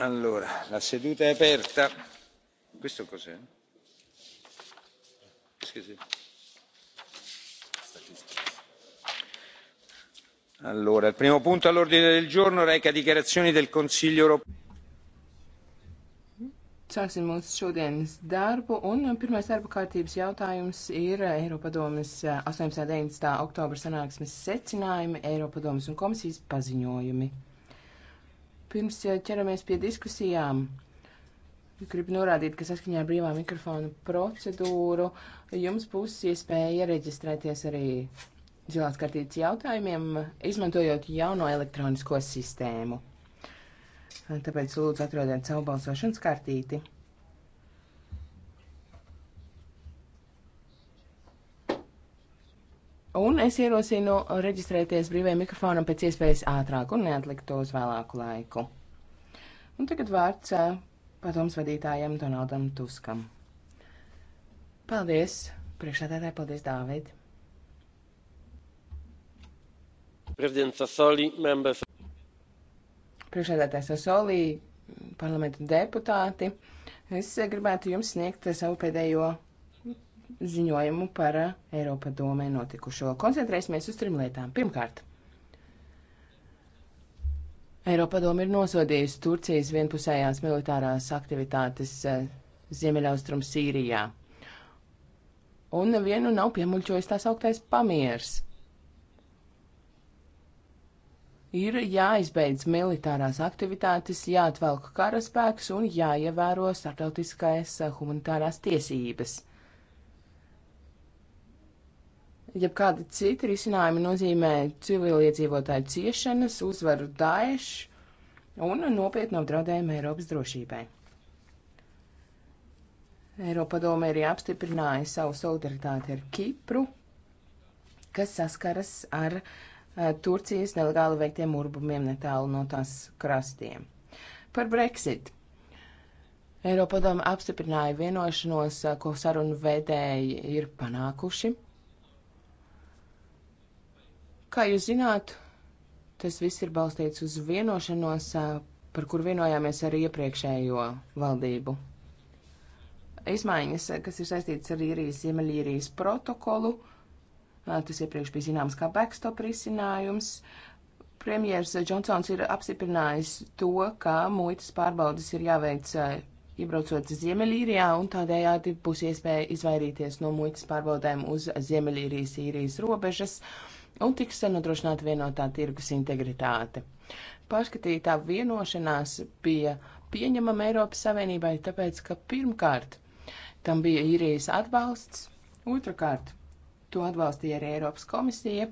Allora, la seduta è aperta. Questo cos'è? Sì, sì. Allora, il primo punto all'ordine del giorno reca dichiarazioni del Consiglio europeo. Sāksim mūsu šodienas darbu, un pirmais darba kārtības jautājums ir Eiropadomas 18. un 19. oktobra sanāksmes secinājumi, Eiropadomas un komisijas paziņojumi. Pirms eh, ķeramies pie diskusijām, gribu norādīt, ka saskaņā ar brīvā mikrofona procedūru jums būs iespēja reģistrēties arī zilās kartītes jautājumiem, izmantojot jauno elektronisko sistēmu. Tāpēc lūdzu atrodiet savu balsošanas kartīti. Un es ierosinu reģistrēties brīvajam mikrofonam pēc iespējas ātrāk un neatlikt to uz vēlāku laiku. Un tagad vārds eh, padoms vadītājiem Donaldam Tuskam. Paldies, priekšādātāji, paldies, Dāvid. Priekšādātājs Asolī, parlamenta deputāti, es gribētu jums sniegt savu pēdējo ziņojumu par Eiropa domē notikušo. Koncentrēsimies uz trim lietām. Pirmkārt, Eiropa doma ir nosodījusi Turcijas vienpusējās militārās aktivitātes eh, Ziemeļaustrum Sīrijā. Un nevienu nav piemuļķojis tās augtais pamiers. Ir jāizbeidz militārās aktivitātes, jāatvelk karaspēks un jāievēro starptautiskais eh, humanitārās tiesības. Jebkādi citi risinājumi nozīmē civiliedzīvotāju ciešanas, uzvaru Daesh un nopietnu apdraudējumu Eiropas drošībai. Eiropa doma arī apstiprināja savu solidaritāti ar Kipru, kas saskaras ar uh, Turcijas nelegāli veiktiem urbumiem netālu no tās krastiem. Par Brexit. Eiropa doma apstiprināja vienošanos, eh, ko sarunu vēdēji ir panākuši Kā jūs zināt, tas viss ir balstīts uz vienošanos, par kur vienojāmies ar iepriekšējo valdību. Izmaiņas, kas ir saistītas ar īrijas Ziemeļīrijas protokolu, tas iepriekš bija zināms kā backstop risinājums. Premjers Džonsons ir apstiprinājis to, ka muitas pārbaudas ir jāveic iebraucot Ziemeļīrijā, un tādējādi būs iespēja izvairīties no muitas pārbaudēm uz Ziemeļīrijas īrijas robežas. Uh, un tiks nodrošināta vienotā tirgus integritāte. Pārskatītā vienošanās bija pieņemama Eiropas Savienībai, tāpēc, ka pirmkārt tam bija īrijas atbalsts, otrkārt to atbalstīja arī Eiropas komisija,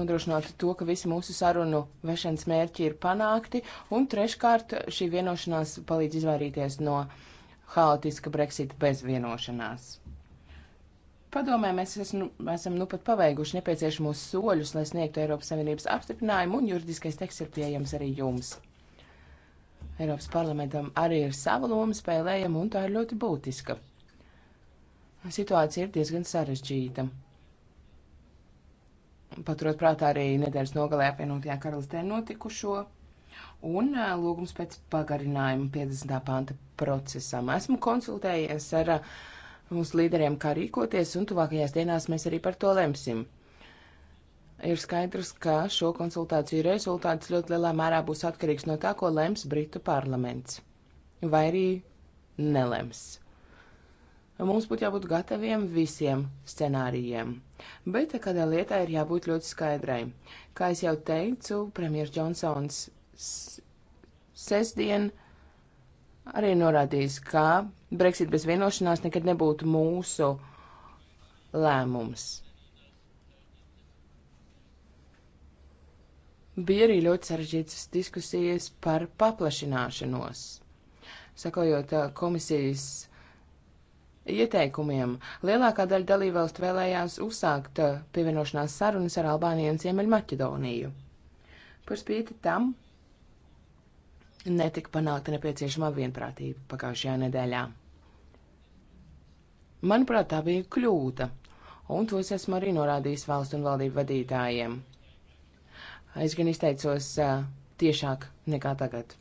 nodrošināt to, ka visi mūsu sarunu vešanas mērķi ir panākti, un treškārt šī vienošanās palīdz izvairīties no haotiska Brexita bez vienošanās padomē mēs esam, esam nu pat paveikuši nepieciešamos soļus, lai sniegtu Eiropas Savienības apstiprinājumu, un juridiskais teksts ir pieejams arī jums. Eiropas parlamentam arī ir sava loma spēlējama, un tā ir ļoti būtiska. Situācija ir diezgan sarežģīta. Paturot prātā arī nedēļas nogalē apvienotajā karalistē notikušo un lūgums pēc pagarinājuma 50. panta procesam. Esmu konsultējies ar uh, mūsu līderiem, kā rīkoties, un tuvākajās dienās mēs arī par to lemsim. Ir skaidrs, ka šo konsultāciju rezultāts ļoti lielā mērā būs atkarīgs no tā, ko lems Britu parlaments. Vai arī nelems. Mums būtu jābūt gataviem visiem scenārijiem. Bet kādā lietā ir jābūt ļoti skaidrai. Kā jau teicu, premjerministrs Džonsons sestdien. Se arī norādījis, ka Brexit bez vienošanās nekad nebūtu mūsu lēmums. Bija arī ļoti sarežģītas diskusijas par paplašināšanos. Sakojot uh, komisijas ieteikumiem, lielākā daļa dalībvalstu vēlējās uzsākt uh, pievienošanās sarunas ar Albāniju un Ziemeļmaķedoniju. Par spīti tam netika panākta nepieciešamā vienprātība pagājušajā nedēļā. Manuprāt, tā bija kļūda, un tos esmu arī norādījis valstu un valdību vadītājiem. Es gan izteicos uh, tiešāk nekā tagad.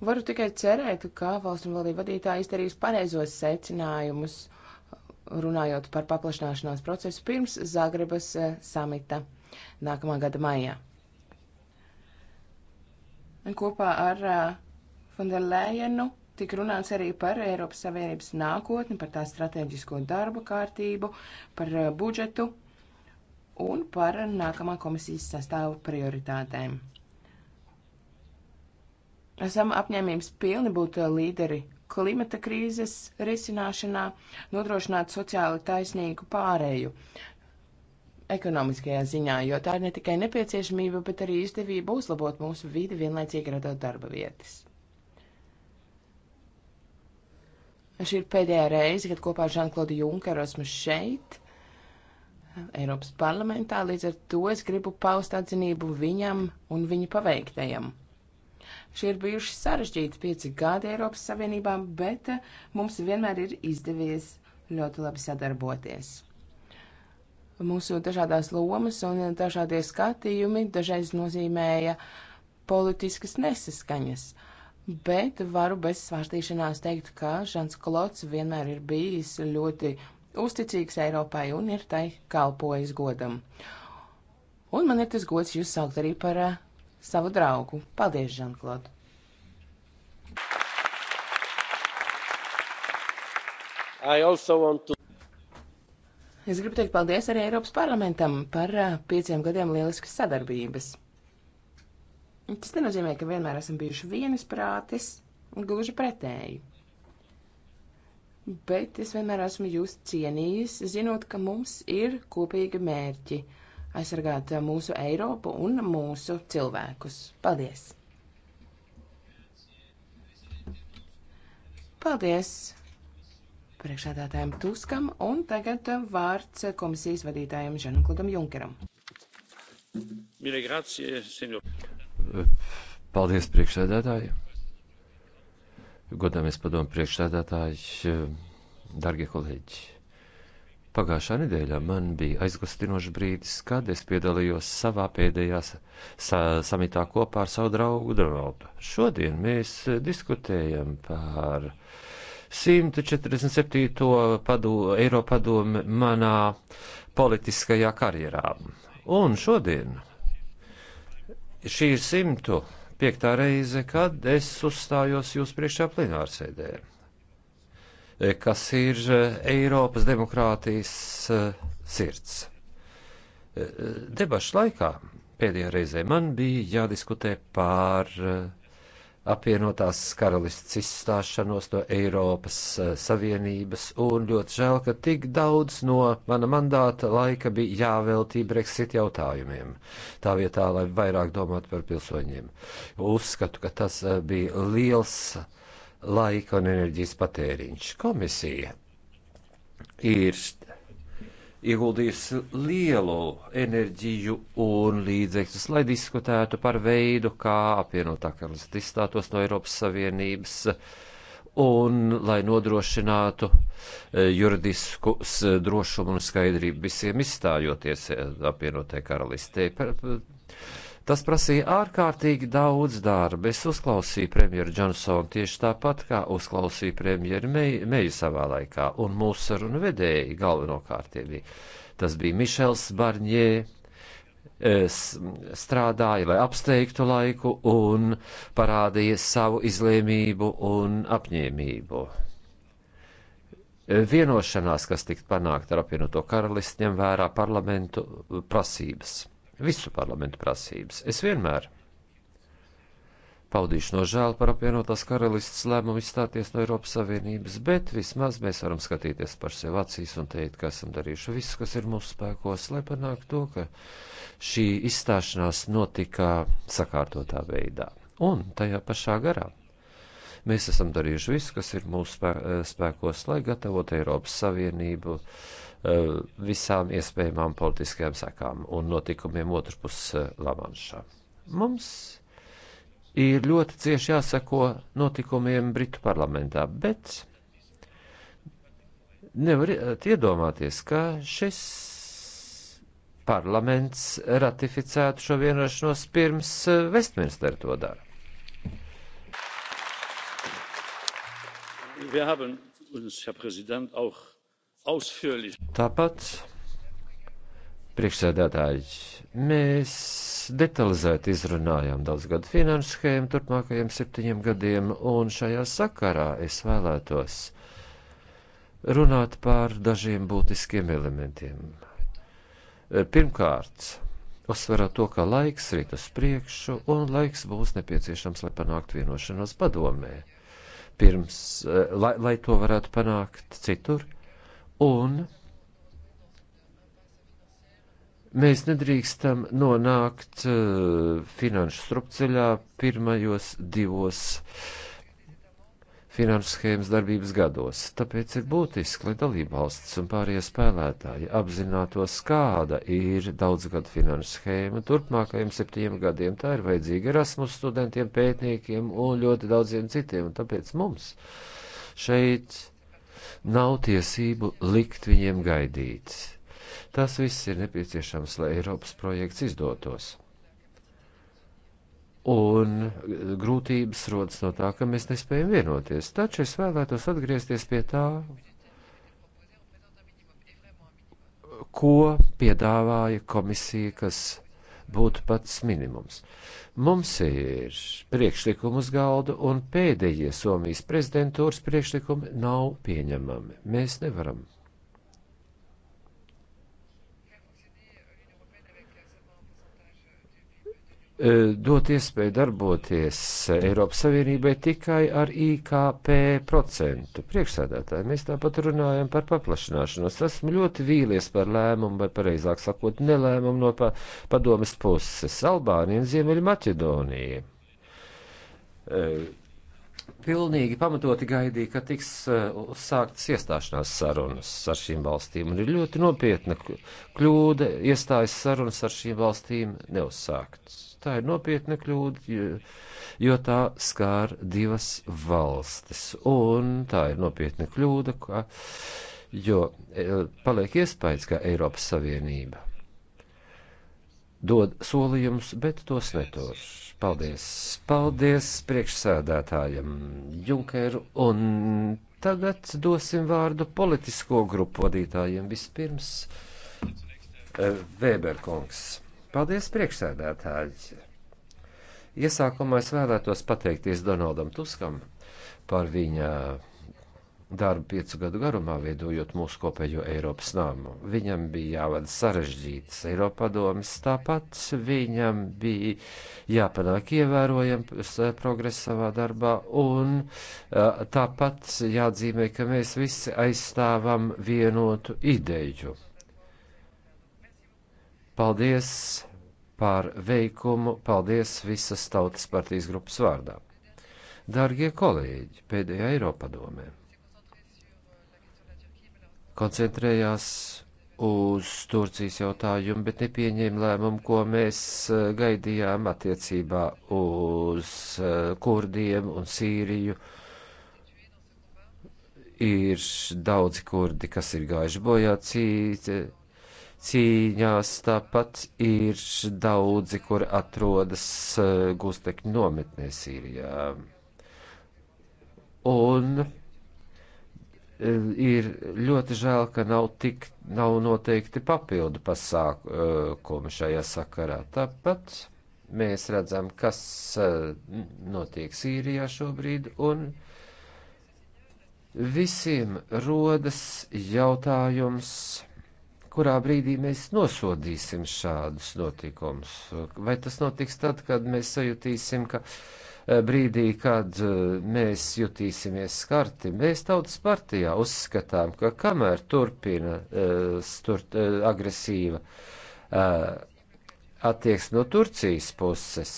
Varu tikai cerēt, ka valsts un valdību vadītāji izdarīs pareizos secinājumus, runājot par paplašināšanās procesu pirms Zagrebas samita nākamā gada maijā. Un kopā ar uh, eh, Fonderlējenu tika runāts arī par Eiropas Savienības nākotni, par tā strateģisko darba kārtību, par uh, budžetu un par nākamā komisijas sastāvu prioritātēm. Esam apņēmības pilni būt eh, līderi klimata krīzes risināšanā, nodrošināt sociāli taisnīgu pārēju ekonomiskajā ziņā, jo tā ir ne tikai nepieciešamība, bet arī izdevība uzlabot mūsu vidi, vienlaicīgi radot darba vietas. Šī ir pēdējā reize, kad kopā ar Žanklodu Junkeru esmu šeit, Eiropas parlamentā, līdz ar to es gribu paust atzinību viņam un viņa paveiktajam. Šie ir bijuši sarežģīti pieci gadi Eiropas Savienībām, bet mums vienmēr ir izdevies ļoti labi sadarboties mūsu dažādās lomas un dažādie skatījumi dažreiz nozīmēja politiskas nesaskaņas. Bet varu bez svārstīšanās teikt, ka Žants Klots vienmēr ir bijis ļoti uzticīgs Eiropai un ir tai kalpojis godam. Un man ir tas gods jūs saukt arī par uh, savu draugu. Paldies, Žanklod! To... Es gribu teikt paldies arī Eiropas parlamentam par pieciem gadiem lieliskas sadarbības. Tas nenozīmē, ka vienmēr esam bijuši vienisprātis, gluži pretēji. Bet es vienmēr esmu jūs cienījis, zinot, ka mums ir kopīgi mērķi aizsargāt mūsu Eiropu un mūsu cilvēkus. Paldies! Paldies, priekšsēdētājiem Tuskam, un tagad vārds komisijas vadītājiem Žanukludam Junkeram. Paldies, priekšsēdētāji! Godāmies padomu priekšsēdētāji, darbie kolēģi! Pagājušā nedēļā man bija aizkustinošs brīdis, kad es piedalījos savā pēdējā sa samitā kopā ar savu draugu Donaldu. Šodien mēs diskutējam par uh, 147. Padu, Eiro padomi manā politiskajā karjerā. Un šodien šī ir 105. reize, kad es uzstājos jūs priekšā plenārsēdē, kas ir Eiropas demokrātijas eh, sirds. Eh, debašu laikā pēdējā reizē man bija jādiskutē par uh, apvienotās karalists izstāšanos no Eiropas eh, Savienības, un ļoti žēl, ka tik daudz no mana mandāta laika bija jāveltī Brexit jautājumiem, tā vietā, lai vairāk domātu par pilsoņiem. Uzskatu, ka tas eh, bija liels laika un enerģijas patēriņš. Komisija ir ieguldījis lielu enerģiju un līdzekļus, lai diskutētu par veidu, kā apvienotā karalista izstātos no Eiropas Savienības un lai nodrošinātu eh, juridisku drošumu un skaidrību visiem izstājoties eh, apvienotajai karalistē. Par, Tas prasīja ārkārtīgi daudz darba. Es uzklausīju premjeru Džonsonu tieši tāpat, kā uzklausīju premjeru Meiju Mei savā laikā, un mūsu sarunu vedēji galvenokārt tie bija. Tas bija Mišels Barņē, e, strādāja, lai apsteigtu laiku un parādīja savu izlēmību un apņēmību. E, vienošanās, kas tika panākta ar apvienoto karalisti, ņem vērā parlamentu prasības visu parlamentu prasības. Es vienmēr paudīšu nožēlu par apvienotās karalistes lēmumu izstāties no Eiropas Savienības, bet vismaz mēs varam skatīties par sevi acīs un teikt, ka esam darījuši visu, kas ir mūsu spēkos, lai panāktu to, ka šī izstāšanās notika sakārtotā veidā un tajā pašā garā. Mēs esam darījuši visu, kas ir mūsu spēkos, lai gatavotu Eiropas Savienību uh, Eh, visām iespējamām politiskajām sakām un notikumiem otrpus eh, Lamanšā. Mums ir ļoti cieši jāsako notikumiem Britu parlamentā, bet nevar eh, iedomāties, ka šis parlaments ratificētu šo vienošanos pirms Westminster to dara. Wir haben uns, Herr Präsident, auch ausführlich. Tāpat, priekšsēdētāji, mēs detalizēti izrunājām daudzgadu finanšu schēmu turpmākajiem septiņiem gadiem, un šajā sakarā es vēlētos runāt par dažiem būtiskiem elementiem. Pirmkārt, uzsverot to, ka laiks rīt uz priekšu, un laiks būs nepieciešams, lai panāktu vienošanos padomē. Pirms, eh, lai, lai to varētu panākt citur, un mēs nedrīkstam nonākt uh, finanšu strupceļā pirmajos divos finanšu schēmas darbības gados. Tāpēc ir būtiski, lai dalībvalsts un pārējie spēlētāji apzinātos, kāda ir daudzgadu finanšu schēma turpmākajiem septiem gadiem. Tā ir vajadzīga Erasmus studentiem, pētniekiem un ļoti daudziem citiem, un tāpēc mums šeit nav tiesību likt viņiem gaidīt. Tas viss ir nepieciešams, lai Eiropas projekts izdotos. Un grūtības rodas no tā, ka mēs nespējam vienoties. Taču es vēlētos atgriezties pie tā, ko piedāvāja komisija, kas būtu pats minimums. Mums ir priekšlikumi uz galda, un pēdējie Somijas prezidentūras priekšlikumi nav pieņemami. Mēs nevaram E, dot iespēju darboties Eiropas Savienībai tikai ar IKP procentu. Priekšsēdētāji, mēs tāpat runājam par paplašināšanos. Esmu ļoti vīlies par lēmumu, vai pareizāk sakot, nelēmumu no pa padomas puses - Albānija un Ziemeļa Maķedonija e, pilnīgi pamatoti gaidīja, ka tiks uzsāktas uh, iestāšanās sarunas ar šīm valstīm, un ir ļoti nopietna kļūda iestājas sarunas ar šīm valstīm neuzsāktas. Tā ir nopietna kļūda, jo, jo tā skār divas valstis, un tā ir nopietna kļūda, ka, jo eh, paliek iespējas, ka Eiropas Savienība dod solījumus, bet tos netur. Paldies! Paldies priekšsēdētājiem Junkeru un tagad dosim vārdu politisko grupu vadītājiem. Vispirms Vēberkungs. Eh, Paldies priekšsēdētāji! Iesākumā es vēlētos pateikties Donaldam Tuskam par viņa darbu piecu gadu garumā, veidojot mūsu kopējo Eiropas nāmu. Viņam bija jāvada sarežģītas Eiropadomas, tāpat viņam bija jāpanāk ievērojams eh, progress savā darbā, un eh, tāpat jāatzīmē, ka mēs visi aizstāvam vienotu ideju. Paldies par veikumu, paldies visas Tautas partijas grupas vārdā. Dārgie kolēģi, pēdējā Eiropadomē! koncentrējās uz Turcijas jautājumu, bet nepieņēma lēmumu, ko mēs eh, gaidījām attiecībā uz eh, kurdiem un Sīriju. Ir daudzi kurdi, kas ir gājuši bojā cīņās, tāpat ir daudzi, kur atrodas eh, gustekņu nometnē Sīrijā. Un Eh, ir ļoti žēl, ka nav, tik, nav noteikti papildu pasākumi eh, šajā sakarā. Tāpat mēs redzam, kas eh, notiek Sīrijā šobrīd, un visiem rodas jautājums, kurā brīdī mēs nosodīsim šādus notikumus. Vai tas notiks tad, kad mēs sajutīsim, ka. Uh, Eh, brīdī, kad eh, mēs jutīsimies skarti, mēs tautas partijā uzskatām, ka kamēr turpina eh, sturt, agresīva attieksme no Turcijas puses,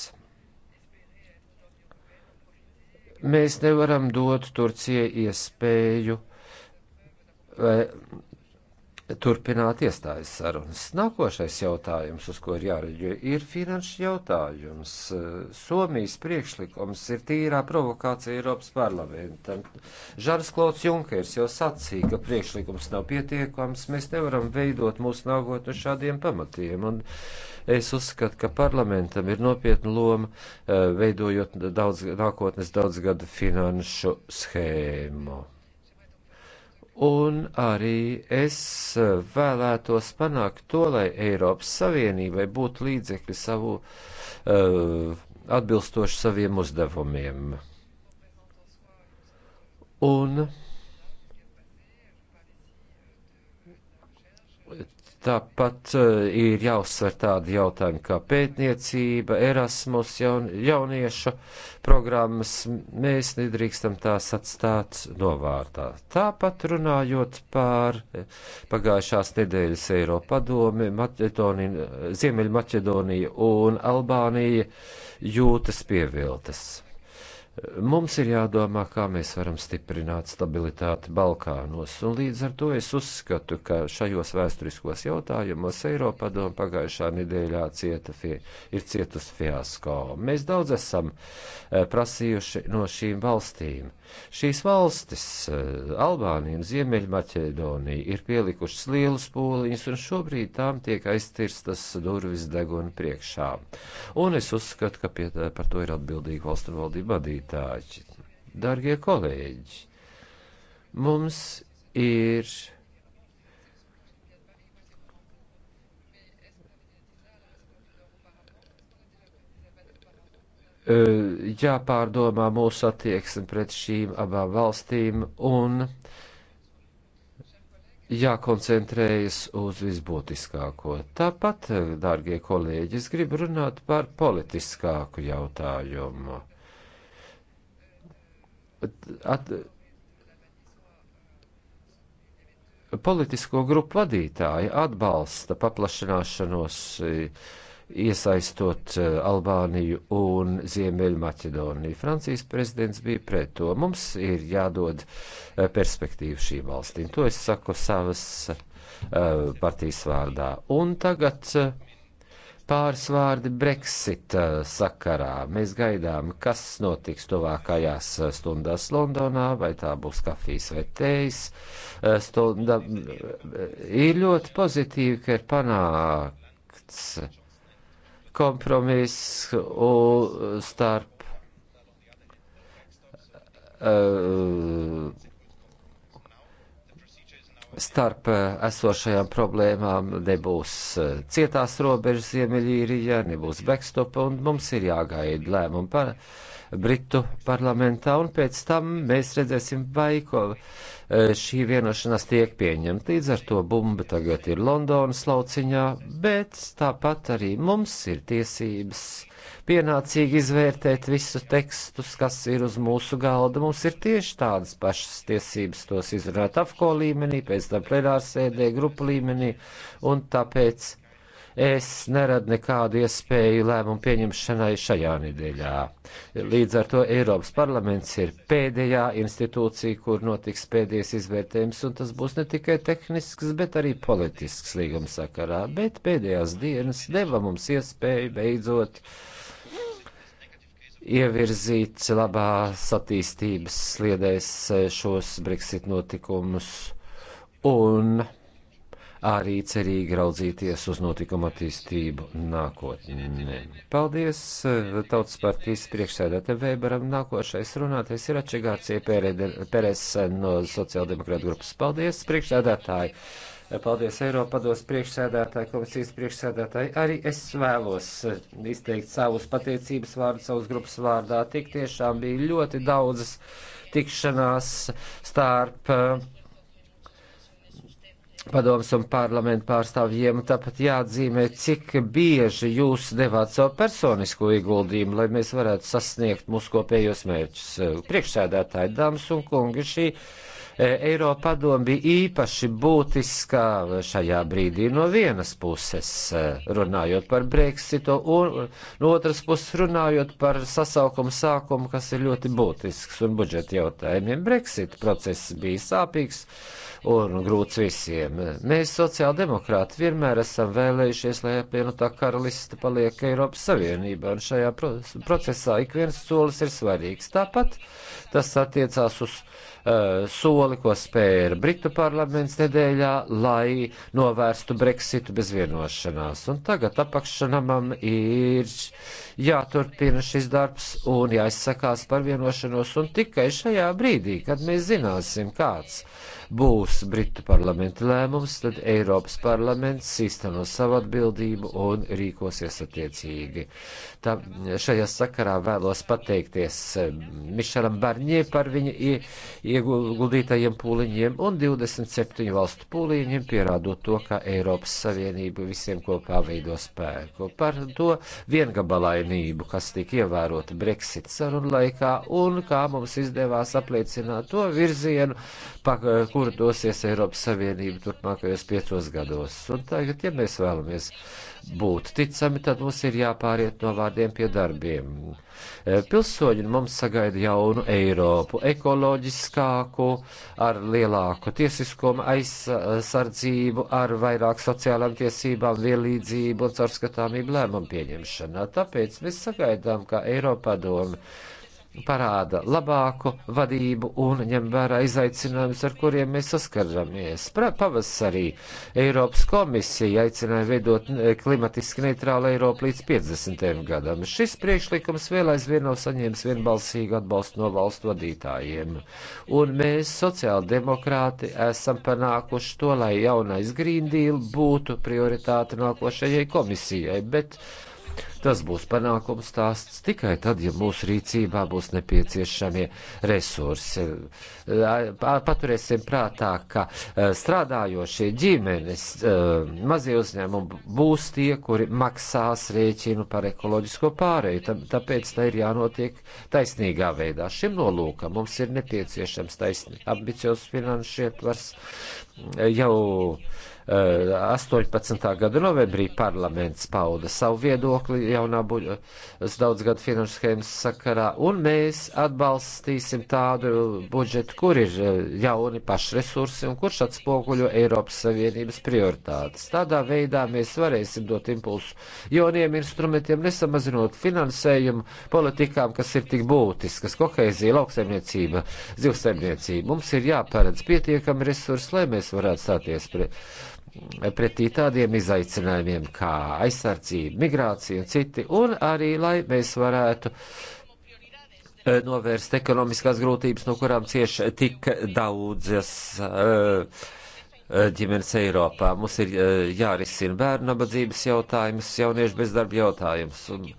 mēs nevaram dot Turcijai iespēju turpināt iestājas sarunas. Nākošais jautājums, uz ko ir jāreģē, ir finanšu jautājums. Somijas priekšlikums ir tīrā provokācija Eiropas parlamentam. Žars Klauds Junkers jau sacīja, ka priekšlikums nav pietiekams, mēs nevaram veidot mūsu nākotni šādiem pamatiem. Un, Es uzskatu, ka parlamentam ir nopietna loma eh, veidojot daudz, nākotnes daudzgada finanšu schēmu. Un arī es vēlētos panākt to, lai Eiropas Savienībai būtu līdzekļi savu uh, atbilstoši saviem uzdevumiem. Un Tāpat eh, ir jāuzsver tādi jautājumi kā pētniecība, Erasmus, jaun, jauniešu programmas. Mēs nedrīkstam tās atstāt novārtā. Tāpat runājot par eh, pagājušās nedēļas Eiropadomi, Ziemeļmaķedonija un Albānija jūtas pieviltas. Mums ir jādomā, kā mēs varam stiprināt stabilitāti Balkānos, un līdz ar to es uzskatu, ka šajos vēsturiskos jautājumos Eiropa doma pagājušā nedēļā cieta fie, ir cietusi fiasko. Mēs daudz esam eh, prasījuši no šīm valstīm. Šīs valstis, eh, Albānija un Ziemeļmaķedonija, ir pielikušas lielus pūliņus, un šobrīd tām tiek aiztirstas durvis deguna priekšā. Un es uzskatu, ka pie, par to ir atbildīga valstu valdība vadība vadītāji, darbie kolēģi, mums ir eh, jāpārdomā mūsu attieksme pret šīm abām valstīm un jākoncentrējas uz visbūtiskāko. Tāpat, eh, dārgie kolēģi, es gribu runāt par politiskāku jautājumu at, politisko grupu vadītāji atbalsta paplašināšanos, iesaistot e, Albāniju un Ziemeļmaķedoniju. Francijas prezidents bija pret to. Mums ir jādod e, perspektīvu šīm valstīm. To es saku savas e, partijas vārdā. Un tagad uh, Pāris vārdi Brexit uh, sakarā. Mēs gaidām, kas notiks tuvākajās uh, stundās Londonā, vai tā būs kafijas vai tējas. Uh, stunda ir ļoti pozitīvi, ka ir panākts kompromiss starp. Uh, starp eh, esošajām problēmām nebūs eh, cietās robežas Ziemeļīrijā, nebūs backstopa, un mums ir jāgaida lēmumu par Britu parlamentā, un pēc tam mēs redzēsim, vai ko eh, šī vienošanās tiek pieņemta. Līdz ar to bumba tagad ir Londonas lauciņā, bet tāpat arī mums ir tiesības pienācīgi izvērtēt visus tekstus, kas ir uz mūsu galda. Mums ir tieši tādas pašas tiesības tos izrunāt afko līmenī, pēc tam plenārsēdē, grupu līmenī, un tāpēc es neradu nekādu iespēju lēmumu pieņemšanai šajā nedēļā. Līdz ar to Eiropas parlaments ir pēdējā institūcija, kur notiks pēdējais izvērtējums, un tas būs ne tikai tehnisks, bet arī politisks līguma sakarā. Bet pēdējās dienas deva mums iespēju beidzot uh, ievirzīt labās attīstības sliedēs šos Brexit notikumus un arī cerīgi raudzīties uz notikumu attīstību nākotnē. Paldies Tautas partijas priekšsēdētājiem Vēberam. Nākošais runātais ir Ačegārcija Pērēs no sociāldemokrāta grupas. Paldies, priekšsēdētāji! Paldies Eiropados priekšsēdētāji, komisijas priekšsēdētāji. Arī es vēlos eh, izteikt savus pateicības vārdus, savus grupas vārdā. Tik tiešām bija ļoti daudzas tikšanās starp eh, padomus un parlamentu pārstāvjiem. Tāpat jāatzīmē, cik bieži jūs devāt savu personisko ieguldījumu, lai mēs varētu sasniegt mūsu kopējos mērķus. Eh, priekšsēdētāji, dāmas un kungi, šī E, Eiropa padomu bija īpaši būtiskā šajā brīdī no vienas puses e, runājot par Brexitu un no otras puses runājot par sasaukumu sākumu, kas ir ļoti būtisks un budžeta jautājumiem. Brexit process bija sāpīgs un grūts visiem. Mēs, sociāldemokrāti, vienmēr esam vēlējušies, lai apvienotā karaliste paliek Eiropas Savienībā, un šajā procesā ik viens solis ir svarīgs. Tāpat Tas attiecās uz uh, soli, ko spēra Britu parlaments nedēļā, lai novērstu Brexitu bez vienošanās. Un tagad apakšanamam ir jāturpina šis darbs un jāizsakās par vienošanos. Un tikai šajā brīdī, kad mēs zināsim, kāds būs Britu parlamenta lēmums, tad Eiropas parlaments īstenos savu atbildību un rīkosies attiecīgi. Tā, šajā sakarā vēlos pateikties eh, Mišelam Barņē Barņē par viņa ieguldītajiem pūliņiem un 27 valstu pūliņiem, pierādot to, ka Eiropas Savienība visiem kopā veido spēku. Par to viengabalainību, kas tika ievērota Brexit sarunu laikā un kā mums izdevās apliecināt to virzienu, pa kuru dosies Eiropas Savienība turpmākajos piecos gados. Un tagad, ja mēs vēlamies būt ticami, tad mums ir jāpāriet no vārdiem pie darbiem. Pilsoņi mums sagaida jaunu eiro. Eiropu ekoloģiskāku, ar lielāku tiesiskumu aizsardzību, ar vairāk sociālām tiesībām, vienlīdzību un caurskatāmību lēmumu pieņemšanā. Tāpēc mēs sagaidām, ka Eiropa doma parāda labāku vadību un ņem vērā izaicinājumus, ar kuriem mēs saskaramies. Pavasarī Eiropas komisija aicināja veidot e, klimatiski neitrālu Eiropu līdz 50. gadam. Šis priekšlikums vēl aizvien nav saņēmis vienbalsīgu atbalstu no valstu vadītājiem. Un mēs, sociāldemokrāti, esam panākuši to, lai jaunais Green Deal būtu prioritāte nākošajai komisijai. Bet Tas būs panākums stāsts tikai tad, ja mūsu rīcībā būs nepieciešamie resursi. Paturēsim prātā, ka strādājošie ģimenes, mazie uzņēmumi būs tie, kuri maksās rēķinu par ekoloģisko pārēju. Tāpēc tā ir jānotiek taisnīgā veidā. Šim nolūkam mums ir nepieciešams taisnīgi ambiciozs finanšu ietvars jau 18. gada novembrī parlaments pauda savu viedokli jaunā budžeta daudzgada finanšu schēmas sakarā, un mēs atbalstīsim tādu budžetu, kur ir eh, jauni pašresursi un kurš atspoguļo Eiropas Savienības prioritātes. Tādā veidā mēs varēsim dot impulsu jauniem instrumentiem, nesamazinot finansējumu politikām, kas ir tik būtiskas - kohēzija, lauksaimniecība, zivsaimniecība. Mums ir jāparedz pietiekami resursi, lai mēs varētu stāties pret pretī tādiem izaicinājumiem kā aizsardzība, migrācija un citi, un arī, lai mēs varētu eh, novērst ekonomiskās grūtības, no kurām cieši tik daudzas eh, ģimenes Eiropā. Mums ir eh, jārisina bērnu nabadzības jautājums, jauniešu bezdarba jautājums. Un,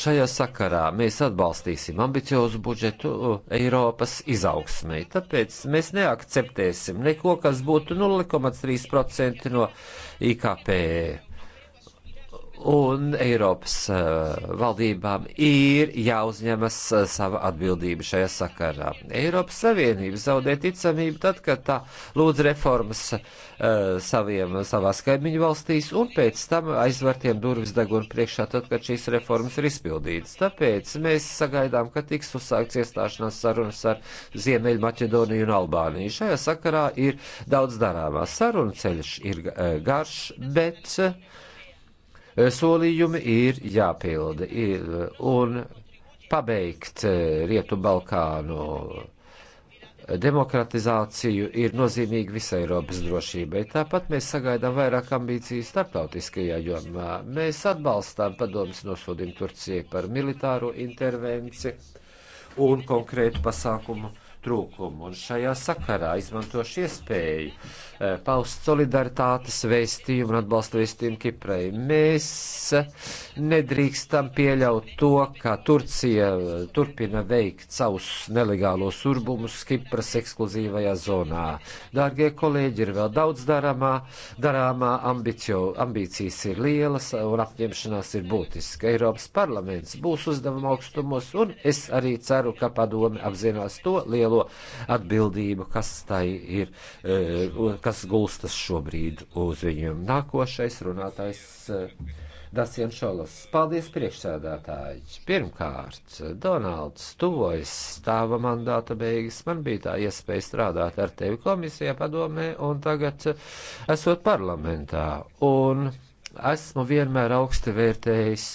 Šajā sakarā mēs atbalstīsim ambiciozu budžetu Eiropas izaugsmai, tāpēc mēs neakceptēsim neko, kas būtu 0,3% no IKP un Eiropas eh, valdībām ir jāuzņemas eh, sava atbildība šajā sakarā. Eiropas Savienība zaudē ticamību tad, kad tā lūdz reformas eh, saviem, savās kaimiņu valstīs, un pēc tam aizvartiem durvis deguna priekšā, tad, kad šīs reformas ir izpildītas. Tāpēc mēs sagaidām, ka tiks uzsākts iestāšanās sarunas ar Ziemeļu Maķedoniju un Albāniju. Šajā sakarā ir daudz darāmā. Saruna ceļš ir garš, bet. Uh, Eh, solījumi ir jāpilda eh, un pabeigt eh, Rietu Balkānu demokratizāciju ir nozīmīgi visai Eiropas drošībai. Tāpat mēs sagaidām vairāk ambīciju starptautiskajā jomā. Mēs atbalstām padomus nosodījumu Turcijai par militāro intervenciju un konkrētu pasākumu trūkumu. Un šajā sakarā izmantošu iespēju eh, paust solidaritātes vēstījumu un atbalstu vēstījumu Kiprai. Mēs nedrīkstam pieļaut to, ka Turcija eh, turpina veikt savus nelegālos urbumus Kipras ekskluzīvajā zonā. Dārgie kolēģi, ir vēl daudz darāmā, darāmā ambicio, ambīcijas ir lielas un apņemšanās ir būtiska. Eiropas parlaments būs uzdevuma augstumos un es arī ceru, ka padome apzinās to lielo sociālo atbildību, kas tai ir, e, kas gulstas šobrīd uz viņiem. Nākošais runātājs e, Dacian Šolas. Paldies priekšsēdētāji. Pirmkārt, Donalds tuvojas stāva mandāta beigas. Man bija tā iespēja strādāt ar tevi komisijā padomē un tagad esot parlamentā. Un esmu vienmēr augsti vērtējis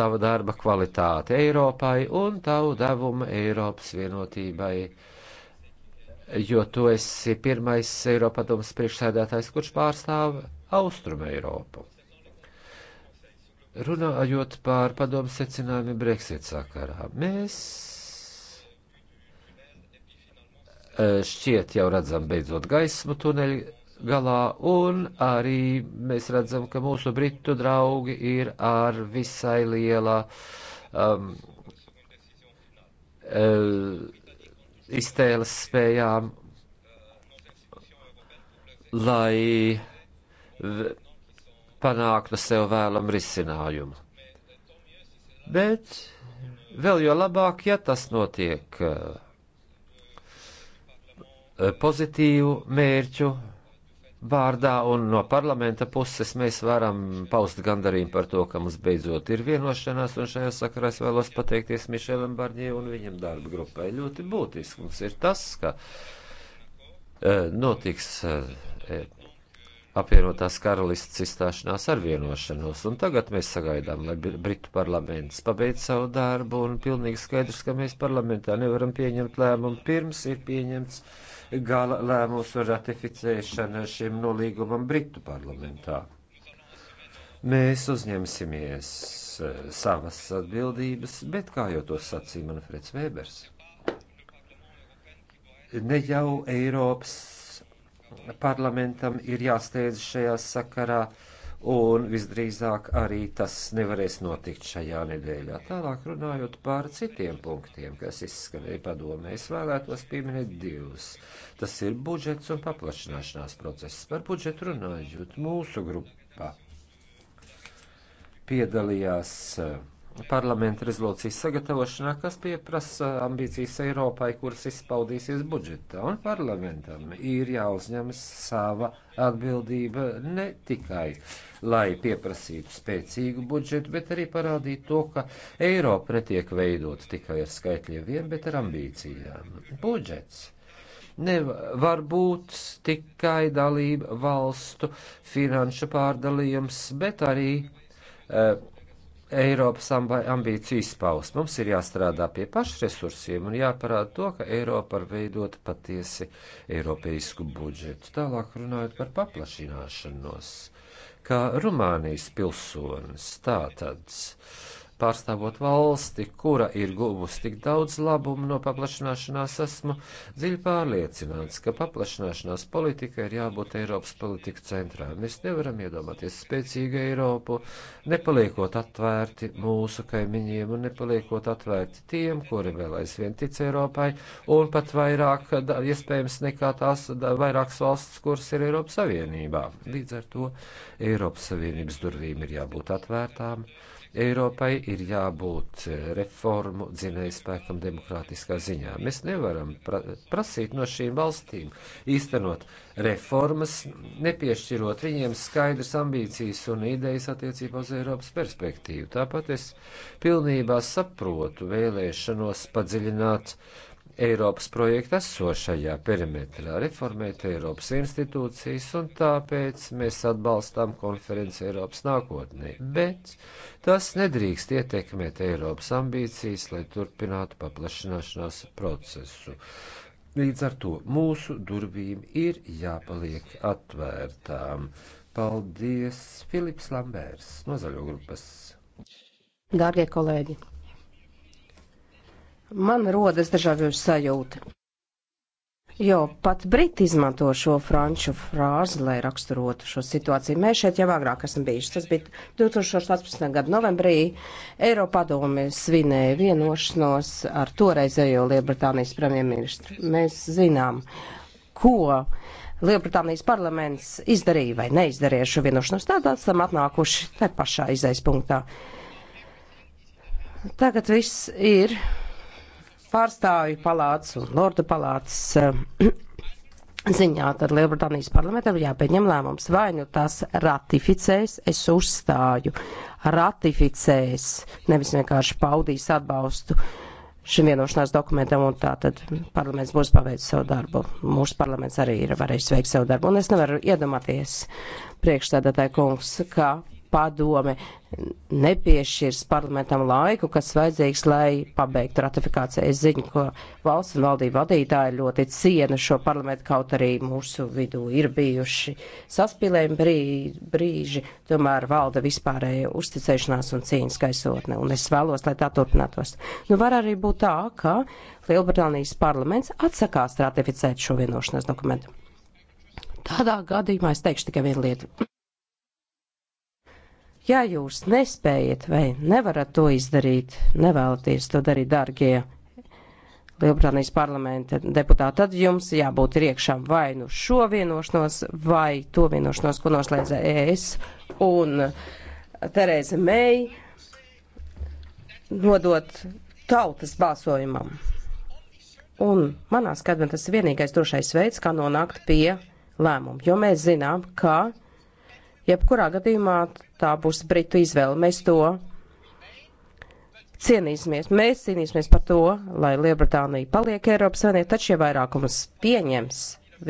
tava darba kvalitāti Eiropai un tavu devumu Eiropas vienotībai jo tu esi pirmais Eiropadomas priekšsēdētājs, kurš pārstāv Austrumu Eiropu. Runājot par padomu secinājumiem Brexit sakarā, mēs e, šķiet jau redzam beidzot gaismu tuneļa galā, un arī mēs redzam, ka mūsu britu draugi ir ar visai lielā um, uh, iztēles spējām, lai panāktu sev vēlam risinājumu. Bet vēl jo labāk, ja tas notiek eh, pozitīvu mērķu vārdā un no parlamenta puses mēs varam paust gandarījumu par to, ka mums beidzot ir vienošanās, un šajā sakarā es vēlos pateikties Mišelam Barņē un viņam darba grupai. Ļoti būtiski mums ir tas, ka eh, notiks eh, apvienotās karalists izstāšanās ar vienošanos, un tagad mēs sagaidām, lai Britu parlaments pabeidz savu darbu, un pilnīgi skaidrs, ka mēs parlamentā nevaram pieņemt lēmumu pirms ir pieņemts uh, gala lēmums un ratificēšana šim nolīgumam Britu parlamentā. Mēs uzņemsimies e, savas atbildības, bet kā jau to sacīja Manfreds Vēbers, ne jau Eiropas parlamentam ir jāsteidz šajā sakarā uh, un visdrīzāk arī tas nevarēs notikt šajā nedēļā. Tālāk runājot par citiem punktiem, kas izskanēja padomē, es vēlētos pieminēt divus. Tas ir budžets un paplašināšanās process. Par budžetu runājot, mūsu grupa piedalījās uh, parlamenta rezolūcijas sagatavošanā, kas pieprasa ambīcijas Eiropai, kuras izpaudīsies budžetā. Un parlamentam ir jāuzņemas sava atbildība ne tikai, lai pieprasītu spēcīgu budžetu, bet arī parādītu to, ka Eiropa netiek veidot tikai ar skaitļiem vien, bet ar ambīcijām. Budžets nevar būt tikai dalība valstu finanšu pārdalījums, bet arī uh, Eiropas ambīciju izpausmu. Mums ir jāstrādā pie pašresursiem un jāparāda to, ka Eiropa var veidot patiesi eiropeisku budžetu. Tālāk runājot par paplašināšanos, kā Rumānijas pilsonis, tātad. Uh, pārstāvot valsti, kura ir guvusi tik daudz labumu no paplašināšanās, esmu dziļi pārliecināts, ka paplašināšanās politika ir jābūt Eiropas politika centrā. Mēs nevaram iedomāties spēcīgu Eiropu, nepaliekot atvērti mūsu kaimiņiem un nepaliekot atvērti tiem, kuri vēl aizvien tic Eiropai, un pat vairāk, iespējams, nekā tās vairākas valsts, kuras ir Eiropas Savienībā. Līdz ar to Eiropas Savienības durvīm ir jābūt atvērtām. Eiropai ir jābūt reformu dzinēju spēkam demokrātiskā ziņā. Mēs nevaram pra prasīt no šīm valstīm īstenot reformas, nepiešķirot viņiem skaidrs ambīcijas un idejas attiecībā uz Eiropas perspektīvu. Tāpat es pilnībā saprotu vēlēšanos padziļināt uh, Eiropas projektu esošajā perimetrā, reformēt Eiropas institūcijas, un tāpēc mēs atbalstām konferenci Eiropas nākotnē. Bet tas nedrīkst ietekmēt Eiropas ambīcijas, lai turpinātu paplašināšanās procesu. Līdz ar to mūsu durvīm ir jāpaliek atvērtām. Paldies, Filips Lambērs no Zaļo grupas. Dārgie kolēģi! man rodas dažādu sajūta. Jo pat Briti izmanto šo franču frāzi, lai raksturotu šo situāciju. Mēs šeit jau agrāk esam bijuši. Tas bija 2018. gada novembrī. Eiropadome svinēja vienošanos ar toreizējo Lielbritānijas premjerministru. Mēs zinām, ko Lielbritānijas parlaments izdarīja vai neizdarīja šo vienošanos. Tādā esam atnākuši te pašā izaispunktā. Tagad viss ir pārstāvju palāts un lordu palāts eh, ziņā, tad Lielbritānijas parlamentam jāpieņem lēmums. Vai nu tas ratificēs, es uzstāju, ratificēs, nevis vienkārši paudīs atbalstu šim vienošanās dokumentam, un tā tad parlaments būs paveicis savu darbu. Mūsu parlaments arī ir varējis veikt savu darbu, un es nevaru iedomāties priekšstādātāju kungs, ka padome nepiešķirs parlamentam laiku, kas vajadzīgs, lai pabeigtu ratifikāciju. Es zinu, ka valsts un valdību vadītāji ļoti ciena šo parlamentu, kaut arī mūsu vidū ir bijuši saspīlējumi brī, brīži, tomēr valda vispārēja uzticēšanās un cīņas gaisotne, un es vēlos, lai tā turpinātos. Nu, var arī būt tā, ka Lielbritānijas parlaments atsakās ratificēt šo vienošanās dokumentu. Tādā gadījumā es teikšu tikai vienu lietu Ja jūs nespējat vai nevarat to izdarīt, nevēlaties to darīt, dārgie Lielbritānijas parlamenta deputāti, tad jums jābūt riekšām vai nu šo vienošanos, vai to vienošanos, ko noslēdza ES un Tereza Mei, nodot tautas balsojumam. Un manā skatījumā tas ir vienīgais drošais veids, kā nonākt pie lēmumu, jo mēs zinām, ka Jebkurā gadījumā tā būs Britu izvēle. Mēs to cienīsimies. Mēs cīnīsimies par to, lai Lielbritānija paliek Eiropas Savienība, taču, ja vairākums pieņems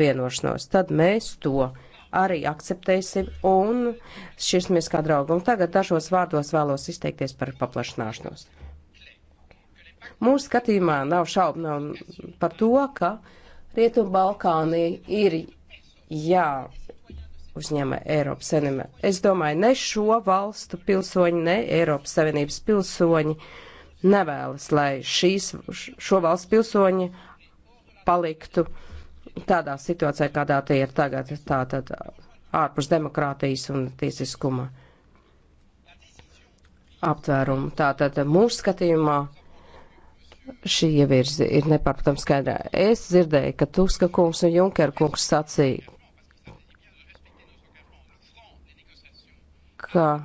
vienošanos, tad mēs to arī akceptēsim un šķirsimies kā draugi. Un tagad dažos vārdos vēlos izteikties par paplašināšanos. Mūsu skatījumā nav šaubu nav par to, ka Rietumbalkāni ir jā uzņēma Eiropas Savienība. Es domāju, ne šo valstu pilsoņi, ne Eiropas Savienības pilsoņi nevēlas, lai šīs, šo valstu pilsoņi paliktu tādā situācijā, kādā tie ir tagad, tātad ārpus demokrātijas un tiesiskuma aptvērumu. Tātad mūsu skatījumā šī ievirzi ir nepārprotam skaidrā. Es dzirdēju, ka Tuska kungs un Junker kungs sacīja, ka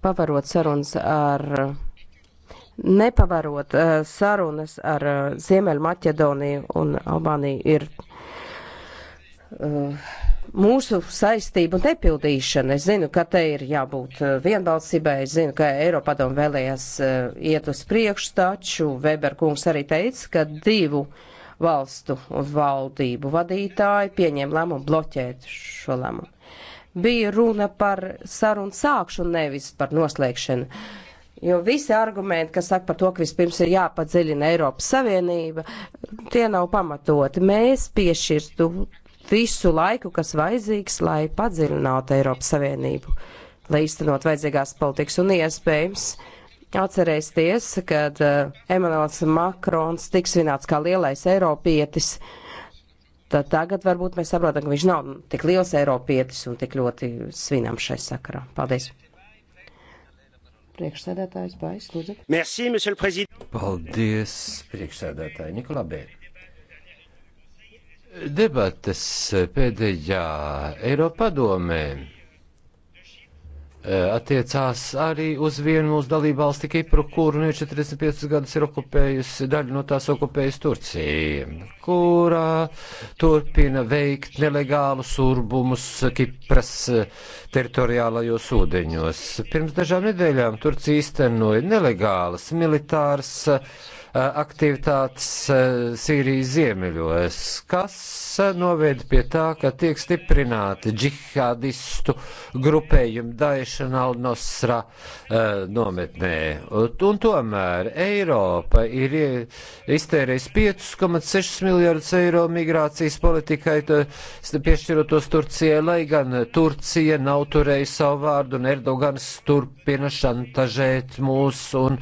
pavarot sarunas ar, nepavarot eh, sarunas ar eh, Ziemeļmaķedoniju un Albāniju ir eh, mūsu saistību nepildīšana. Es zinu, ka te ir jābūt vienbalsībai, es zinu, ka Eiropadomu vēlējās iet uz priekšu, taču Weber kungs arī teica, ka divu valstu un valdību vadītāji pieņem lēmumu bloķēt šo lēmumu bija runa par sarunu sākšanu, nevis par noslēgšanu. Jo visi argumenti, kas saka par to, ka vispirms ir jāpadziļina Eiropas Savienība, tie nav pamatoti. Mēs piešķirtu visu laiku, kas vajadzīgs, lai padziļinātu Eiropas Savienību, lai īstenot vajadzīgās politikas un iespējams. Atcerēsties, kad uh, eh, Emanuels Makrons tiks vināts kā lielais Eiropietis. Uh, Tad tagad varbūt mēs saprotam, ka viņš nav tik liels Eiropietis un tik ļoti svinam šai sakarā. Paldies! Priekšsēdētājs Bais, lūdzu. Merci, monsieur le président. Paldies, priekšsēdētāji Nikola Bēr. Debates pēdējā Eiropadomē Eh, attiecās arī uz vienu mūsu dalībvalsti Kipru, kuru nu 45 gadus ir okupējusi, daļu no tās okupējusi Turcija, kurā turpina veikt nelegālus urbumus Kipras eh, teritoriālajos ūdeņos. Pirms dažām nedēļām Turcija īstenoja nelegālas militāras uh, Eh, aktivitātes eh, Sīrijas ziemeļos, kas eh, noved pie tā, ka tiek stiprināti džihādistu grupējumi Daešana al-Nosra nometnē. Un tomēr Eiropa ir iztērējusi 5,6 miljardus eiro migrācijas politikai, piešķirotos Turcijai, lai gan Turcija nav turējusi savu vārdu un Erdogans turpina šantažēt mūs un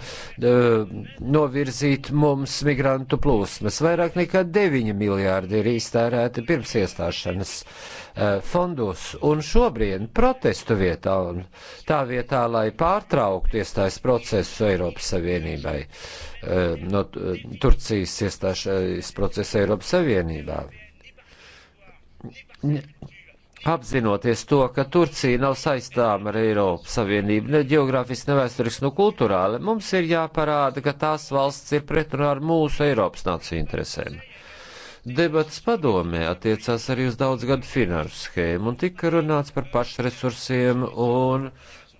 novirzīt veltīt mums migrantu plūsmas. Vairāk nekā 9 miljārdi ir iztērēti pirms iestāšanas eh, fondos un šobrīd protestu vietā un tā vietā, lai pārtrauktu iestājas procesu Eiropas Savienībai, eh, no Turcijas iestāšanas procesu Eiropas Savienībā apzinoties to, ka Turcija nav saistāma ar Eiropas Savienību, ne geogrāfiski, ne vēsturiski, ne nu, kultūrāli, mums ir jāparāda, ka tās valsts ir pretrunā ar mūsu Eiropas nāciju interesēm. Debats padomē attiecās arī uz daudzgadu finanšu schēmu un tika runāts par pašresursiem un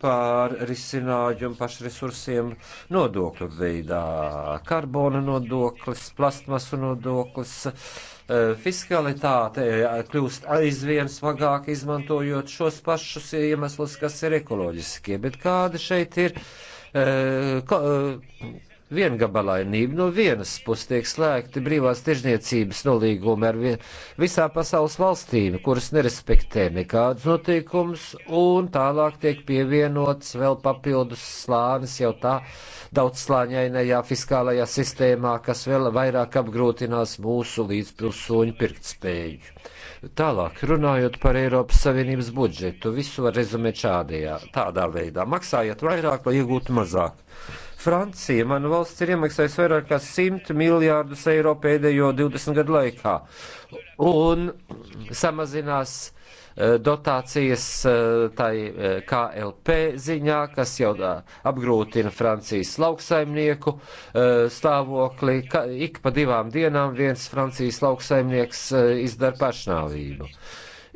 par risinājumu pašresursiem nodokļu veidā. Karbona nodoklis, plastmasu nodoklis, uh, Eh, fiskalitāte eh, kļūst aizvien smagāk izmantojot šos pašus iemeslus, kas ir ekoloģiskie. Bet kādi šeit ir eh, viengabalainība. No vienas puses tiek slēgti brīvās tirzniecības nolīgumi ar visām pasaules valstīm, kuras nerespektē nekādus noteikumus, un tālāk tiek pievienots vēl papildus slānis jau tā daudzslāņainajā fiskālajā sistēmā, kas vēl vairāk apgrūtinās mūsu līdzpilsoņu pirktspēju. Tālāk, runājot par Eiropas Savienības budžetu, visu var rezumēt šādajā, tādā veidā. Maksājiet vairāk, lai iegūtu mazāk. Francija, mana valsts, ir iemaksājusi vairāk kā 100 miljārdus eiro pēdējo 20 gadu laikā un samazinās eh, dotācijas eh, tai eh, KLP ziņā, kas jau apgrūtina Francijas lauksaimnieku stāvokli. Ik pa divām dienām viens Francijas lauksaimnieks izdara pašnāvību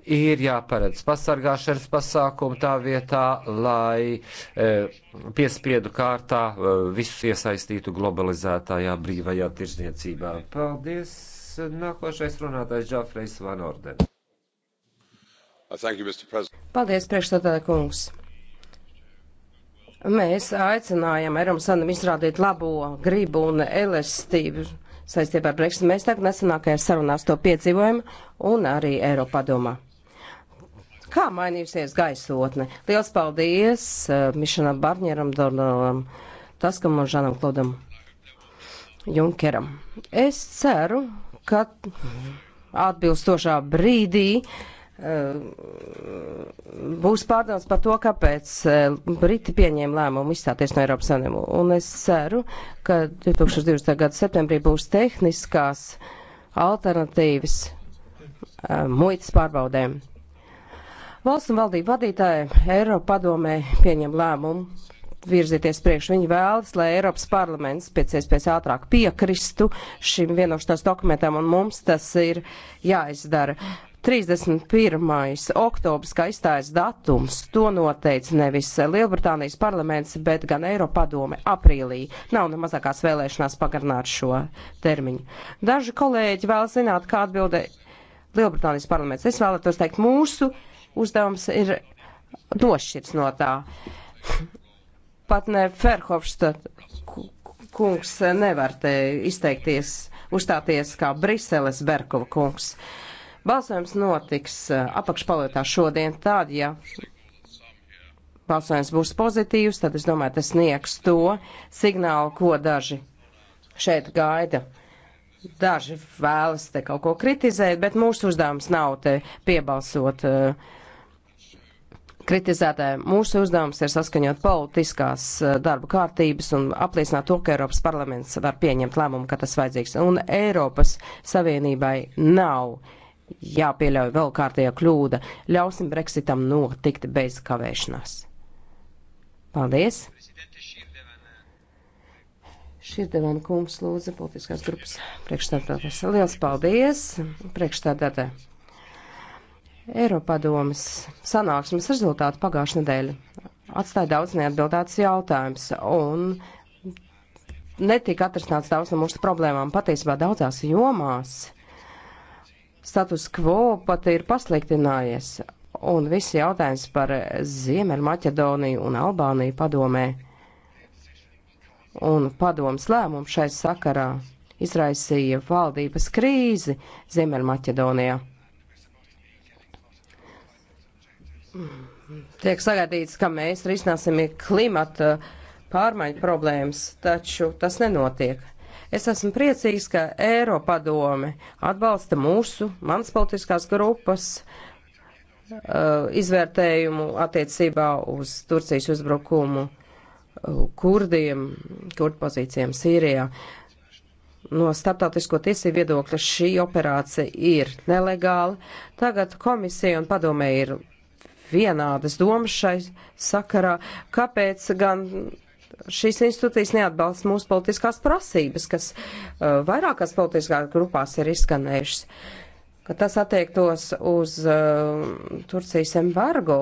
ir jāparedz pasargāšanas pasākumu tā vietā, lai e, piespiedu kārtā e, visus iesaistītu globalizētājā brīvajā tirzniecībā. Paldies! Nākošais runātājs Džafrejs Van Orden. Uh, Paldies, priekšstādātāja kungs! Mēs aicinājām Erumsanam izrādīt labo gribu un elastību saistībā ar Brexit. Mēs tagad nesenākajās sarunās to piedzīvojam un arī Eiropadomā kā mainījusies gaisotne. Liels paldies uh, Mišanam Barņeram, Dornalam, Taskam un Žanam Klodam Junkeram. Es ceru, ka atbilstošā brīdī uh, būs pārdoms par to, kāpēc uh, Briti pieņēma lēmumu izstāties no Eiropas Savienības. Un es ceru, ka 2020. gada septembrī būs tehniskās alternatīvas muitas pārbaudēm. Valsts un valdību vadītāji Eiropa padomē pieņem lēmumu virzīties priekš. Viņi vēlas, lai Eiropas parlaments pēc iespējas ātrāk piekristu šim vienošanās dokumentam, un mums tas ir jāizdara. 31. oktobrs, kā izstājas datums, to noteica nevis Lielbritānijas parlaments, bet gan Eiropadome aprīlī. Nav ne mazākās vēlēšanās pagarināt šo termiņu. Daži kolēģi vēl zināt, kā atbilde Lielbritānijas parlaments. Es vēlētos teikt mūsu uzdevums ir nošķirts no tā. Pat ne Ferhofstad kungs nevar te izteikties, uzstāties kā Briseles Berkova kungs. Balsojums notiks eh, apakšpalietā šodien tād, ja balsojums būs pozitīvs, tad es domāju, tas sniegs to signālu, ko daži šeit gaida. Daži vēlas te kaut ko kritizēt, bet mūsu uzdevums nav te piebalsot uh, kritizētājiem. Mūsu uzdevums ir saskaņot politiskās eh, darba kārtības un apliecināt to, ka Eiropas parlaments var pieņemt lēmumu, ka tas vajadzīgs. Un Eiropas Savienībai nav jāpieļauj vēl kārtējā kļūda. Ļausim Brexitam notikt bez kavēšanās. Paldies! Širdevan kungs lūdza politiskās grupas priekšstādātājs. Liels paldies priekšstādātājai! Eiropadomas sanāksmes rezultāti pagājušajā nedēļā atstāja daudz neatbildētas jautājumus, un netika atrasināts daudz no mūsu problēmām patiesībā daudzās jomās. Status quo pat ir pasliktinājies, un viss jautājums par Ziemeļu Maķedoniju un Albāniju padomē un padomas lēmumu šai sakarā izraisīja valdības krīzi Ziemeļu Maķedonijā. tiek sagaidīts, ka mēs risināsim klimata pārmaiņu problēmas, taču tas nenotiek. Es esmu priecīgs, ka Eiropadome atbalsta mūsu, manas politiskās grupas uh, izvērtējumu attiecībā uz Turcijas uzbrukumu uh, kurdiem, kurdu pozīcijiem Sīrijā. No starptautisko tiesību viedokļa šī operācija ir nelegāla. Tagad komisija un padomē ir vienādas domas šai sakarā, kāpēc gan šīs institūcijas neatbalsta mūsu politiskās prasības, kas uh, vairākās politiskās grupās ir izskanējušas, ka tas attiektos uz uh, Turcijas embargo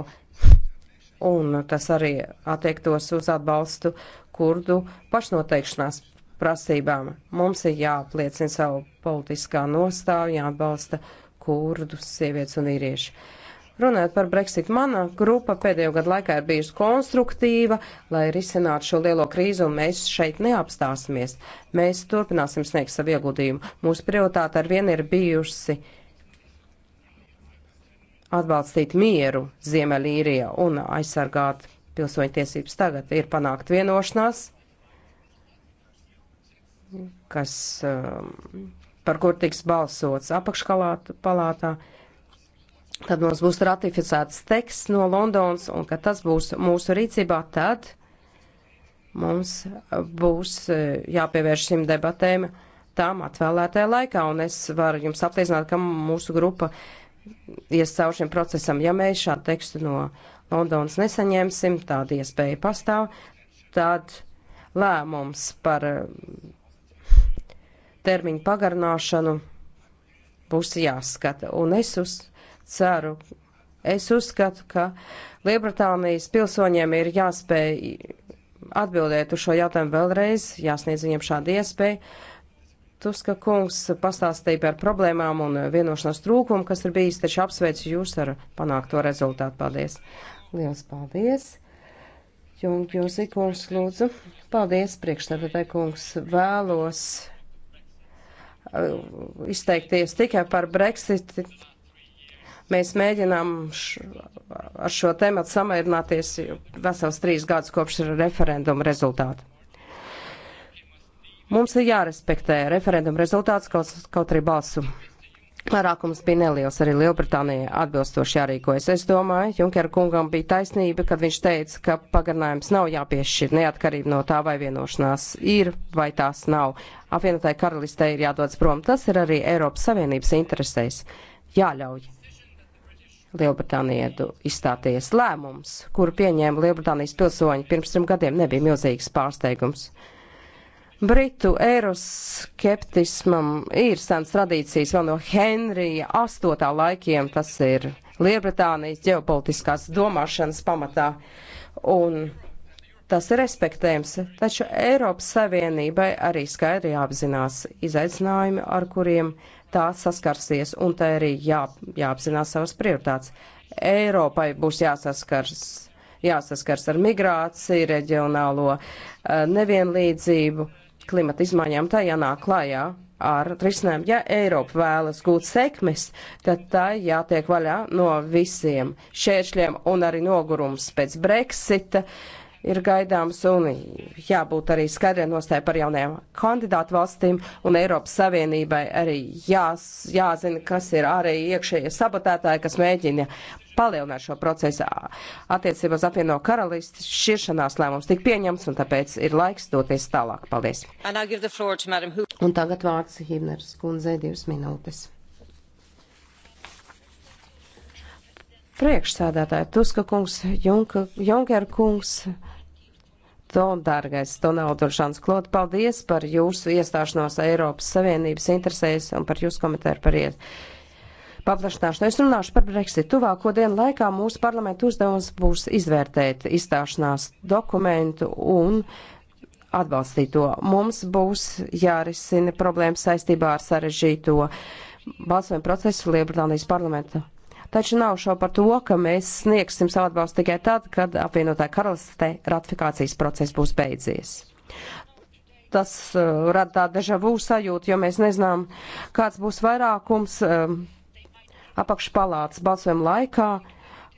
un tas arī attiektos uz atbalstu kurdu pašnoteikšanās prasībām. Mums ir jāpliecina savu politiskā nostāju, jāatbalsta kurdus, sievietes un vīrieši. Uh, Runājot par Brexit, mana grupa pēdējo gadu laikā ir bijusi konstruktīva, lai risinātu šo lielo krīzi, un mēs šeit neapstāsimies. Mēs turpināsim sniegt savu ieguldījumu. Mūsu prioritāte ar vienu ir bijusi atbalstīt mieru Ziemeļīrijā un aizsargāt pilsoņu tiesības. Tagad ir panākt vienošanās, kas, um, par kur tiks balsots apakšpalātā. Palātā kad mums būs ratificēts teksts no Londonas un kad tas būs mūsu rīcībā, tad mums būs e, jāpievērš šīm debatēm tām atvēlētajā laikā. Un es varu jums apliecināt, ka mūsu grupa ies caur šim procesam. Ja mēs šādu tekstu no Londonas nesaņemsim, tāda iespēja pastāv, tad lēmums par e, termiņu pagarināšanu būs jāskata. Un es uz ceru. Es uzskatu, ka Lielbritānijas pilsoņiem ir jāspēj atbildēt uz šo jautājumu vēlreiz, jāsniedz viņiem šāda iespēja. Tuska kungs pastāstīja par problēmām un vienošanās trūkumu, kas ir bijis, taču apsveicu jūs ar panākto rezultātu. Paldies! Liels paldies! Jung, jūs ir kungs, lūdzu. Paldies, priekšstādātāji kungs. Vēlos uh, izteikties tikai par Brexit, Mēs mēģinām š, ar šo tēmatu samierināties vesels trīs gadus kopš referenduma rezultātu. Mums ir jārespektē referenduma rezultāts, kaut, kaut arī balsu Vairākums bija neliels arī Lielbritānijai atbilstoši jārīkojas. Es domāju, Junkera kungam bija taisnība, kad viņš teica, ka pagarinājums nav jāpiešķir neatkarība no tā, vai vienošanās ir vai tās nav. Apvienotāji karalistē ir jādodas prom. Tas ir arī Eiropas Savienības interesēs. Jāļauj Lielbritānija izstāties lēmums, kuru pieņēma Lielbritānijas pilsoņi pirms trim gadiem, nebija milzīgs pārsteigums. Britu eiroskeptismam ir sens tradīcijas vēl no Henrija 8. laikiem, tas ir Lielbritānijas ģeopolitiskās domāšanas pamatā, un tas ir respektējams, taču Eiropas Savienībai arī skaidri jāapzinās izaicinājumi, ar kuriem tā saskarsies, un tā arī jā, jāapzinās savas prioritātes. Eiropai būs jāsaskars, jāsaskars ar migrāciju, reģionālo eh, nevienlīdzību, klimata izmaiņām, tā jānāk klājā ar risinājumu. Ja Eiropa vēlas gūt sekmes, tad tā jātiek vaļā no visiem šēršļiem un arī nogurums pēc Brexita. Uh, ir gaidāms un jābūt arī skaidrai nostāja par jaunajām kandidātu valstīm un Eiropas Savienībai arī jās, jāzina, kas ir arī iekšējie sabotētāji, kas mēģina palielināt šo procesu attiecībā uz apvieno karalisti. Širšanās lēmums tika pieņemts un tāpēc ir laiks doties tālāk. Paldies. To, un tagad vārds Himners kundzei divas minūtes. priekšsādātāji, Tuska kungs, Junka, Junker kungs, Don, dārgais Donaldu Šāns Klot, paldies par jūsu iestāšanos Eiropas Savienības interesēs un par jūsu komentāru par iet. Paplašināšanu es runāšu par Brexit. Tuvāko dienu laikā mūsu parlamentu uzdevums būs izvērtēt izstāšanās dokumentu un atbalstīt to. Mums būs jārisina problēmas saistībā ar sarežģīto balsojumu procesu Liebritānijas parlamenta taču nav šo par to, ka mēs sniegsim savu atbalstu tikai tad, kad apvienotā karalistē ratifikācijas process būs beidzies. Tas uh, rada tādu dežavu sajūtu, jo mēs nezinām, kāds būs vairākums uh, apakšpalāts balsojuma laikā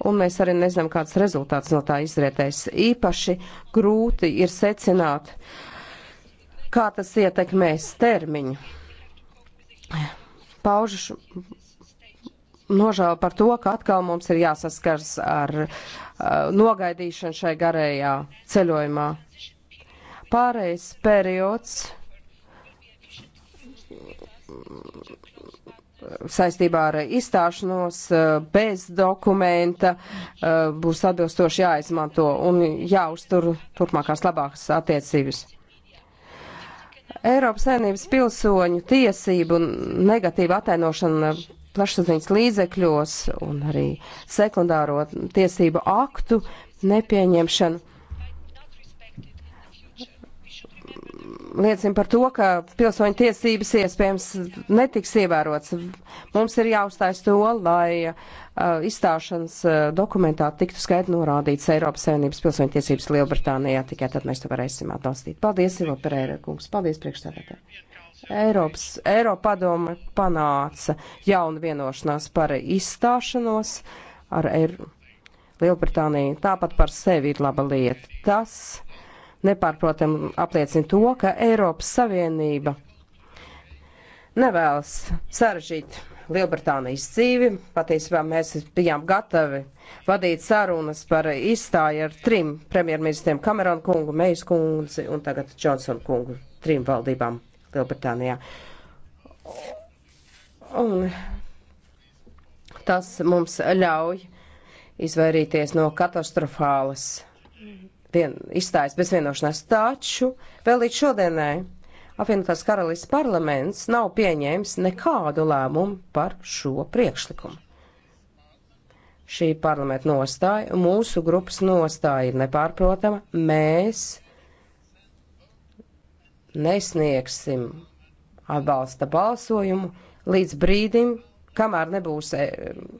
un mēs arī nezinām, kāds rezultāts no tā izrietēs. Īpaši grūti ir secināt, kā tas ietekmēs termiņu. Paužu nožēlu par to, ka atkal mums ir jāsaskars ar uh, nogaidīšanu šai garējā ceļojumā. Pārējais periods saistībā ar izstāšanos uh, bez dokumenta uh, būs atbilstoši jāizmanto un jāuztur turpmākās labākas attiecības. Eiropas saimnības pilsoņu tiesību negatīva atainošana plašsaziņas līdzekļos un arī sekundāro tiesību aktu nepieņemšanu liecina par to, ka pilsoņu tiesības iespējams netiks ievērots. Mums ir jāuzstājas to, lai uh, izstāšanas uh, dokumentā tiktu skaidri norādīts Eiropas Savienības pilsoņu tiesības Lielbritānijā. Tikai tad mēs to varēsim atbalstīt. Paldies, Ivo Pereira kungs. Paldies, priekšstādātāji. Eiropas, Eiropa padome panāca jaunu vienošanās par izstāšanos ar Eiru. Lielbritāniju. Tāpat par sevi ir laba lieta. Tas nepārprotam apliecina to, ka Eiropas Savienība nevēlas sarežģīt Lielbritānijas dzīvi. Patiesībā mēs bijām gatavi vadīt sarunas par izstāju ar trim premjerministriem Kameronu kungu, Meijas kundzi un tagad Džonsonu kungu trim valdībām. Lielbritānijā. Un tas mums ļauj izvairīties no katastrofālas vien, izstājas bez vienošanās. Taču vēl līdz šodienai apvienotās karalists parlaments nav pieņēmis nekādu lēmumu par šo priekšlikumu. Šī parlamenta nostāja, mūsu grupas nostāja ir nepārprotama. Mēs nesniegsim atbalsta balsojumu līdz brīdim, kamēr nebūs e,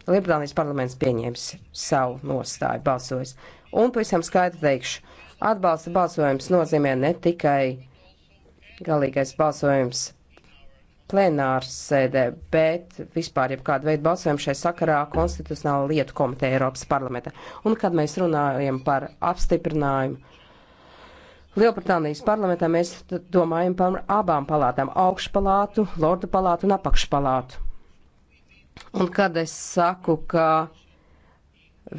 Lielbritānijas parlaments pieņēmis savu nostāju balsojis. Un pavisam skaidri teikšu, atbalsta balsojums nozīmē ne tikai galīgais balsojums plenārs sēdē, bet vispār jebkāda veida balsojumu šai sakarā konstitucionāla lietu komiteja Eiropas parlamenta. Un kad mēs runājam par apstiprinājumu, Lielbritānijas parlamentā mēs domājam par abām palātām - augšpalātu, lordu palātu un apakšpalātu. Un kad es saku, ka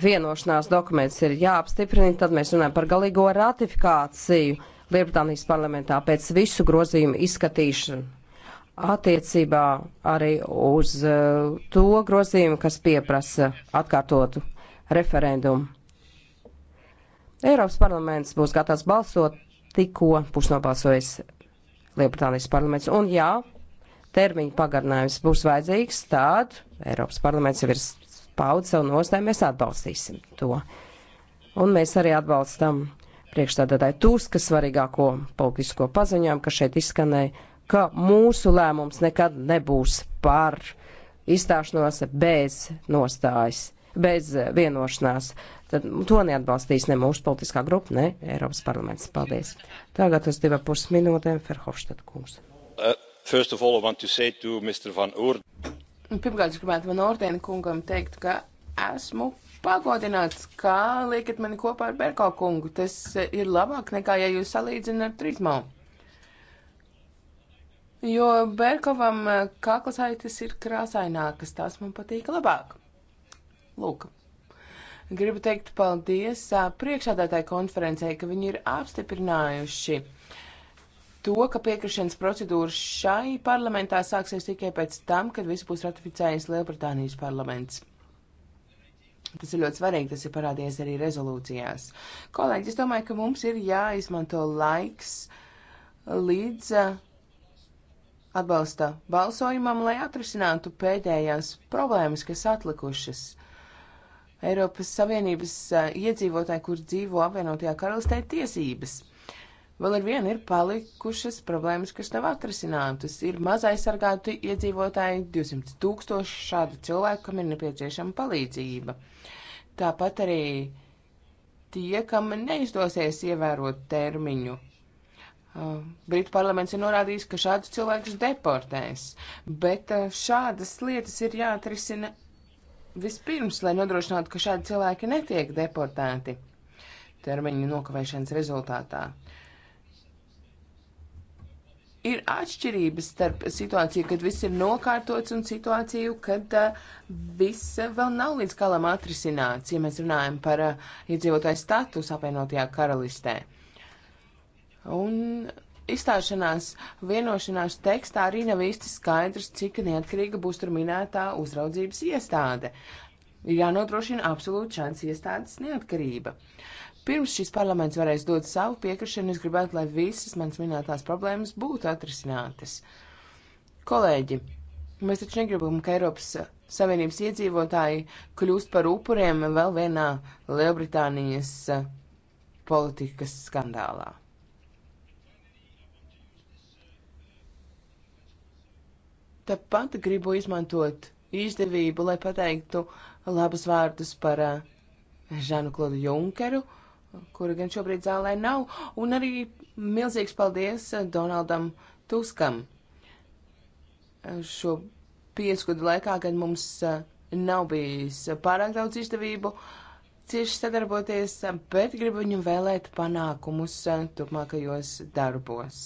vienošanās dokuments ir jāapstiprina, tad mēs runājam par galīgo ratifikāciju Lielbritānijas parlamentā pēc visu grozījumu izskatīšanu. Attiecībā arī uz uh, to grozījumu, kas pieprasa atkārtotu referendumu. Eiropas parlaments būs gatavs balsot tikko pusnobalsojis Lielbritānijas parlaments. Un jā, termiņa pagarinājums būs vajadzīgs, tad Eiropas parlaments jau ir paudz savu nostāju, mēs atbalstīsim to. Un mēs arī atbalstam priekšstādātāju Tuska svarīgāko politisko paziņojumu, kas šeit izskanēja, ka mūsu lēmums nekad nebūs par izstāšanos bez nostājas bez eh, vienošanās, tad to neatbalstīs ne mūsu politiskā grupa, ne Eiropas parlaments. Paldies. Tagad uz divām pus minūtēm Ferhofštad kungs. Uh, Pirmkārt, es gribētu Van Ordena kungam teikt, ka esmu pagodināts, kā liekat mani kopā ar Berko kungu. Tas eh, ir labāk nekā, ja jūs salīdzina ar Trismau. Jo Berkovam eh, kaklasaitas ir krāsainākas, tās man patīk labāk. Lūk. Gribu teikt paldies priekšādātāju konferencei, ka viņi ir apstiprinājuši to, ka piekrišanas procedūra šai parlamentā sāksies tikai pēc tam, kad visu būs ratificējis Lielbritānijas parlaments. Tas ir ļoti svarīgi, tas ir parādījies arī rezolūcijās. Kolēģi, es domāju, ka mums ir jāizmanto laiks līdz atbalsta balsojumam, lai atrisinātu pēdējās problēmas, kas atlikušas. Eiropas Savienības iedzīvotāji, kur dzīvo apvienotajā karalistē, tiesības. Vēl ar vienu ir palikušas problēmas, kas nav atrisinātas. Ir mazaisargāti iedzīvotāji, 200 tūkstoši šādu cilvēku, kam ir nepieciešama palīdzība. Tāpat arī tie, kam neizdosies ievērot termiņu, Britu parlaments ir norādījis, ka šādus cilvēkus deportēs, bet šādas lietas ir jāatrisina Vispirms, lai nodrošinātu, ka šādi cilvēki netiek deportēti termiņu nokavēšanas rezultātā. Ir atšķirības starp situāciju, kad viss ir nokārtots, un situāciju, kad uh, viss vēl nav līdz galam atrisināts, ja mēs runājam par uh, iedzīvotāju statusu apvienotajā karalistē. Un Izstāšanās vienošanās tekstā arī nav īsti skaidrs, cik neatkarīga būs tur minētā uzraudzības iestāde. Ir jānodrošina absolūti šāds iestādes neatkarība. Pirms šis parlaments varēs dot savu piekrišanu, es gribētu, lai visas manas minētās problēmas būtu atrisinātas. Kolēģi, mēs taču negribam, ka Eiropas Savienības iedzīvotāji kļūst par upuriem vēl vienā Lielbritānijas politikas skandālā. Tāpat gribu izmantot izdevību, lai pateiktu labus vārdus par uh, eh, Žanu Klodu Junkeru, kura gan šobrīd zālē nav, un arī milzīgs paldies eh, Donaldam Tuskam. Eh, šo piecu gadu laikā gan mums nav bijis pārāk daudz izdevību cieši sadarboties, bet gribu viņam vēlēt panākumus turpmākajos darbos.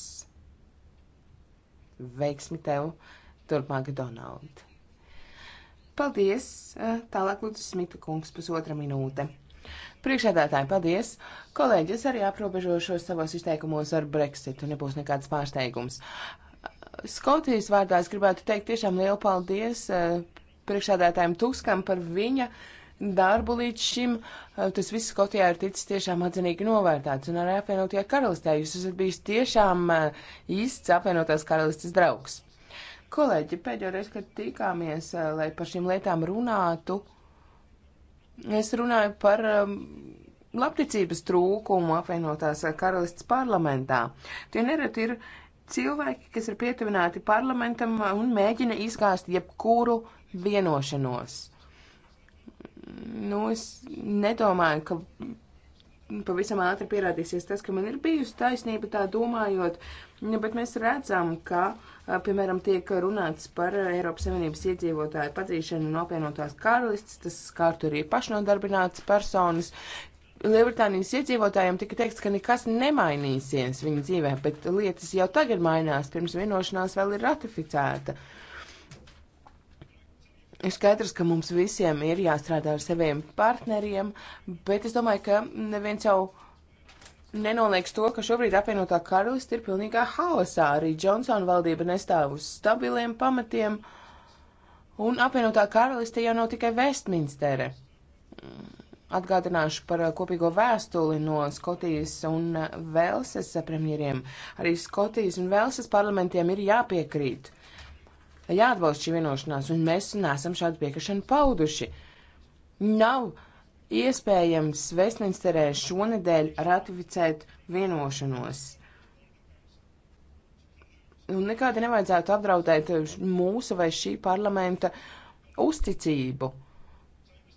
Veiksmi tev! Tur McDonald. Paldies! Eh, tālāk lūdzu Smita kungs pusotra minūte. Priekšādātāji, paldies! Kolēģi, es arī aprobežošos savos izteikumos ar Brexitu, nebūs nekāds pārsteigums. Skotijas vārdā es gribētu teikt tiešām lielu paldies eh, priekšādātājiem Tuskam par viņa darbu līdz šim. Eh, tas viss Skotijā ir ticis tiešām atzinīgi novērtēts, un arī apvienotajā karalistē jūs esat bijis tiešām īsts apvienotās karalistes draugs. Kolēģi, pēdējo reizi, kad tikāmies, eh, lai par šīm lietām runātu, es runāju par um, labticības trūkumu apvienotās eh, karalists parlamentā. Tie nereti ir cilvēki, kas ir pietuvināti parlamentam un mēģina izgāzt jebkuru vienošanos. Nu, es nedomāju, ka pavisam ātri pierādīsies tas, ka man ir bijusi taisnība tā domājot, Bet mēs redzam, ka, piemēram, tiek runāts par Eiropas Savienības iedzīvotāju padzīšanu no apvienotās karalistes, tas skārtu arī pašnodarbinātas personas. Lielbritānijas iedzīvotājiem tika teikts, ka nekas nemainīsies viņu dzīvē, bet lietas jau tagad mainās, pirms vienošanās vēl ir ratificēta. Ir skaidrs, ka mums visiem ir jāstrādā ar saviem partneriem, bet es domāju, ka neviens jau nenoliedz to, ka šobrīd apvienotā karaliste ir pilnīgā haosā. Arī Džonsona valdība nestāv uz stabiliem pamatiem, un apvienotā karaliste jau nav tikai Vestminstere. Atgādināšu par uh, kopīgo vēstuli no Skotijas un uh, Velses premjeriem. Arī Skotijas un Velses parlamentiem ir jāpiekrīt, jāatbalsta šī vienošanās, un mēs nesam šādu piekrišanu pauduši. Nav iespējams Vestminsterē šonedēļ ratificēt vienošanos. Un nu, nekādi nevajadzētu apdraudēt mūsu vai šī parlamenta uzticību.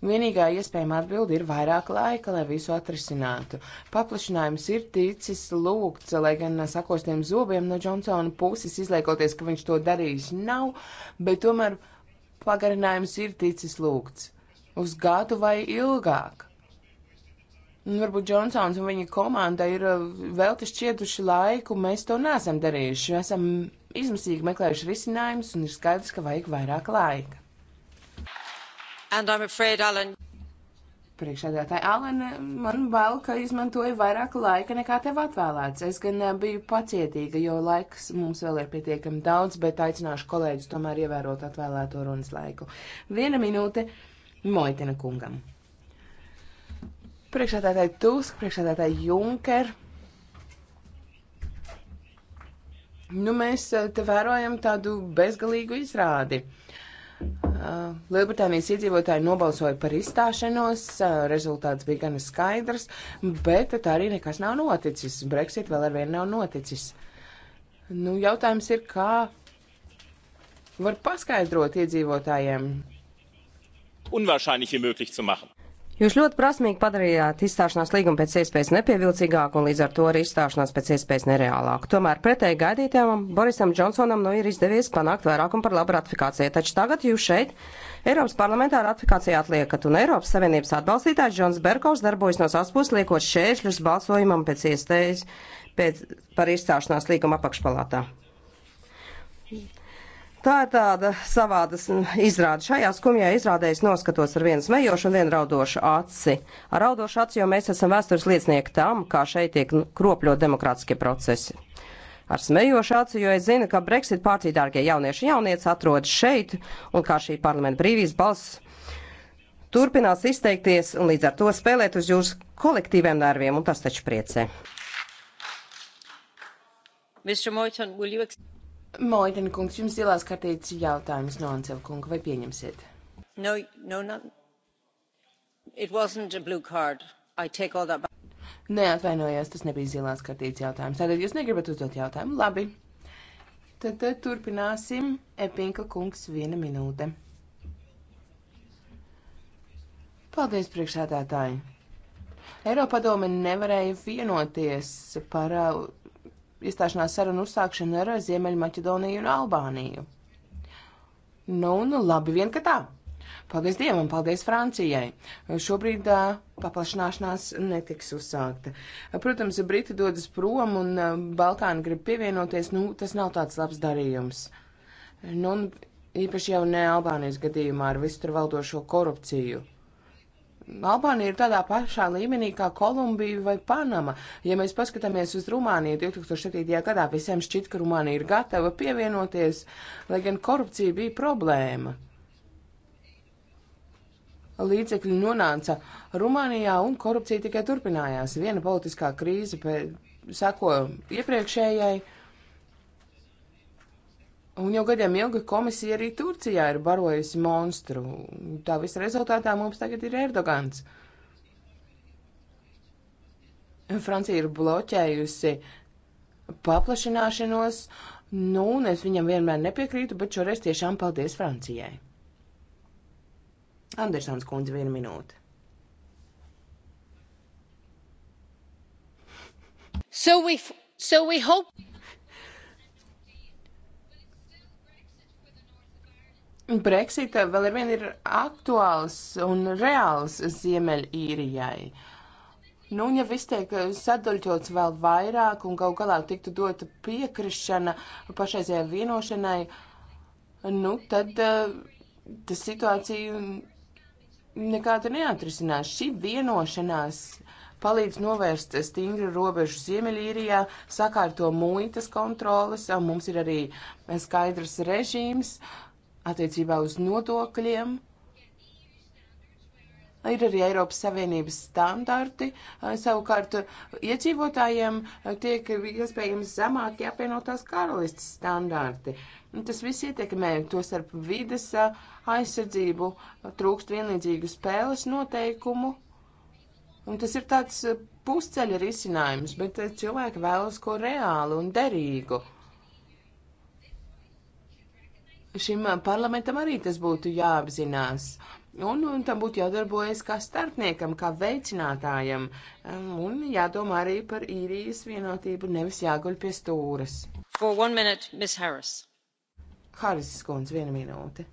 Vienīgā iespējama atbilde ir vairāk laika, lai visu atrisinātu. Paplašinājums ir ticis lūgts, lai gan sakostiem zobiem no Džonsona puses izliekoties, ka viņš to darījis nav, bet tomēr pagarinājums ir ticis lūgts uz gadu vai ilgāk. Un varbūt Džonsons un viņa komanda ir eh, vēl te šķietuši laiku, mēs to neesam darījuši. Mēs esam izmisīgi meklējuši risinājumus un ir skaidrs, ka vajag vairāk laika. Afraid, Alan... Priekšādātāji Alena man vēl, ka izmantoja vairāk laika nekā tev atvēlēts. Es gan eh, biju pacietīga, jo laiks mums vēl ir pietiekami daudz, bet aicināšu kolēģus tomēr ievērot atvēlēto runas laiku. Viena minūte. Uh, Moitena kungam. Priekšādātāji Tusk, priekšādātāji Junker. Nu, mēs eh, te vērojam tādu bezgalīgu izrādi. Eh, Lielbritānijas iedzīvotāji nobalsoja par izstāšanos, eh, rezultāts bija gan skaidrs, bet tā arī nekas nav noticis. Brexit vēl ar vienu nav noticis. Nu, jautājums ir, kā var paskaidrot iedzīvotājiem, Unwahrscheinliche möglich zu machen. Jūs ļoti prasmīgi padarījāt izstāšanās līgumu pēc iespējas nepievilcīgāku un līdz ar to arī izstāšanās pēc iespējas nereālāku. Tomēr pretēji gaidītājam Borisam Džonsonam nu ir izdevies panākt vairākumu par labu ratifikāciju. Taču tagad jūs šeit, Eiropas parlamentā, ratifikācija atliekat un Eiropas Savienības atbalstītājs Džons Berkovs darbojas no savas puses liekot šēršļus balsojumam pēc iespējas pēc, par izstāšanās līgumu apakšpalātā. Tā ir tāda savāda izrāde. Šajā skumjā izrādē es noskatos ar vienu smejošu un vienu raudošu aci. Ar raudošu aci, jo mēs esam vēstures liecinieki tam, kā šeit tiek kropļot demokrātiskie procesi. Ar smejošu aci, jo es zinu, ka Brexit partija dārgie jaunieši jaunieci atrodas šeit un kā šī parlamenta brīvības balss turpinās izteikties un līdz ar to spēlēt uz jūsu kolektīviem nerviem, un tas taču priecē. Mr. Moiton, will you... Moidena kungs, jums zilās kartītes jautājums no Ancela kunga, vai pieņemsiet? No, no, no. It wasn't a blue card. I take all that back. Neatvainojos, tas nebija zilās kartītes jautājums. Tātad jūs negribat uzdot jautājumu? Labi. Tad, tad turpināsim. Epinka kungs, viena minūte. Paldies, priekšsēdētāji! Eiropadome nevarēja vienoties par uh, iestāšanās sarunu uzsākšanu ar Ziemeļmaķedoniju un Albāniju. Nu, nu labi, vien ka tā. Paldies Dievam, paldies Francijai. Šobrīd uh, paplašināšanās netiks uzsākta. Protams, Briti dodas prom un uh, Balkāni grib pievienoties, nu, tas nav tāds labs darījums. Nu, un īpaši jau ne Albānijas gadījumā ar visu tur valdošo korupciju. Albānija ir tādā pašā līmenī kā Kolumbija vai Panama. Ja mēs paskatāmies uz Rumāniju 2007. gadā, visiem šķiet, ka Rumānija ir gatava pievienoties, lai gan korupcija bija problēma. Līdzekļi nonāca Rumānijā un korupcija tikai turpinājās. Viena politiskā krīze sekoja iepriekšējai. Un jau gadiem ilgi komisija arī Turcijā ir barojusi monstru. Tā visa rezultātā mums tagad ir Erdogans. Francija ir bloķējusi paplašināšanos, nu, un es viņam vienmēr nepiekrītu, bet šoreiz tiešām paldies Francijai. Andersons kundze, viena minūte. So we, so we hope... Brexit vēl ir vien ir aktuāls un reāls Ziemeļīrijai. Nu, ja viss tiek sadurķots vēl vairāk un kaut galā tiktu dota piekrišana pašreizējai vienošanai, nu, tad eh, tas situācija nekādu neatrisinās. Šī vienošanās palīdz novērst stingru robežu Ziemeļīrijā, sakārto muitas kontroles, mums ir arī skaidrs režīms, attiecībā uz nodokļiem. Ir arī Eiropas Savienības standarti. Eh, savukārt eh, iedzīvotājiem eh, tiek iespējams zemākie apvienotās karalistas standarti. Tas viss ietekmē to starp vides aizsardzību, trūkst vienlīdzīgu spēles noteikumu. Un tas ir tāds pusceļa risinājums, bet cilvēki vēlas ko reālu un derīgu šim parlamentam arī tas būtu jāapzinās. Un, un tam būtu jādarbojas kā starpniekam, kā veicinātājam. Un jādomā arī par īrijas vienotību, nevis jāguļ pie stūras. For one minute, Miss Harris. Harris skundz, viena minūte.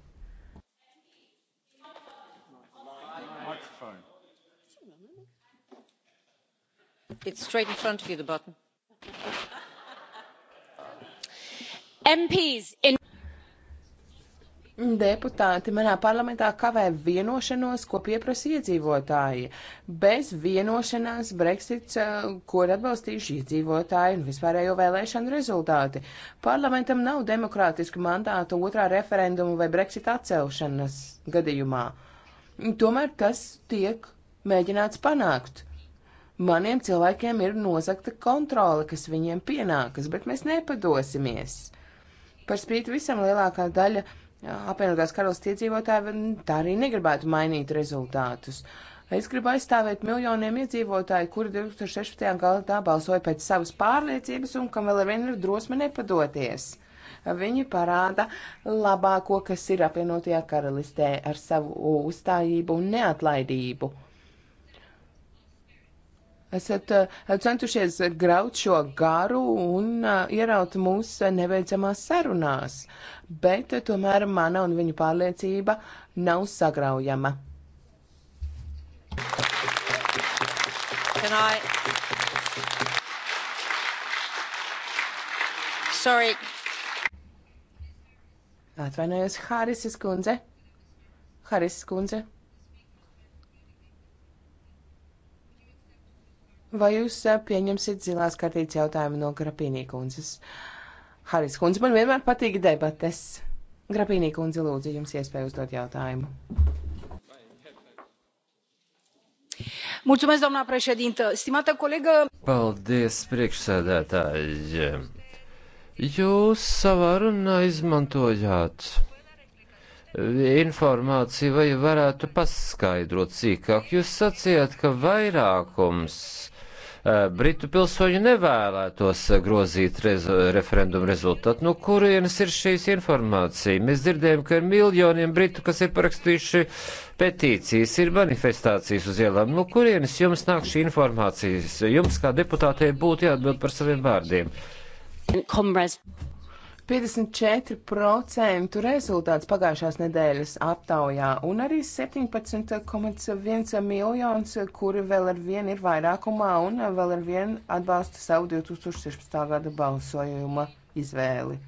It's straight in front of you, the button. MPs in Deputāti manā parlamentā kavē vienošanos, ko pieprasa iedzīvotāji. Bez vienošanās Brexits, eh, ko ir atbalstījuši iedzīvotāji un vispārējo vēlēšanu rezultāti. Parlamentam nav demokrātiska mandāta otrā referenduma vai Brexit atcelšanas gadījumā. Tomēr tas tiek mēģināts panākt. Maniem cilvēkiem ir nozakta kontrole, kas viņiem pienākas, bet mēs nepadosimies. Par spīti visam lielākā daļa apvienotās karalists iedzīvotāji tā arī negribētu mainīt rezultātus. Es gribu aizstāvēt miljoniem iedzīvotāju, kuri 2016. gadā balsoja pēc savas pārliecības un kam vēl ar vienu ir drosme nepadoties. Viņi parāda labāko, kas ir apvienotajā karalistē ar savu uzstājību un neatlaidību esat eh, centušies graut šo garu un eh, ieraut mūs nebeidzamās sarunās, bet eh, tomēr mana un viņa pārliecība nav sagraujama. Can I... Sorry. Atvainojos, Hārises kundze. Hārises kundze. Vai jūs eh, pieņemsiet zilās kartītes jautājumu no Grapīnī kundzes? Haris kundze, man vienmēr patīk debates. Grapīnī kundze, lūdzu, jums iespēja uzdot jautājumu. Mulțumesc, doamna președintă. Stimată colegă... Paldies, priekšsēdētāji. Jūs savā runā izmantojāt informāciju, vai varētu paskaidrot sīkāk. Jūs sacījāt, ka vairākums Eh, britu pilsoņi nevēlētos grozīt rezo, referendumu rezultātu. No kurienes ir šīs informācija? Mēs dzirdējam, ka ir miljoniem Britu, kas ir parakstījuši petīcijas, ir manifestācijas uz ielām. No kurienes jums nāk šī informācija? Jums kā deputātei būtu jāatbild par saviem vārdiem. Komrez. 54% rezultāts pagājušās nedēļas aptaujā un arī 17,1 miljons, kuri vēl ar vienu ir vairākumā un vēl ar vienu atbalsta savu 2016. gada balsojuma izvēli.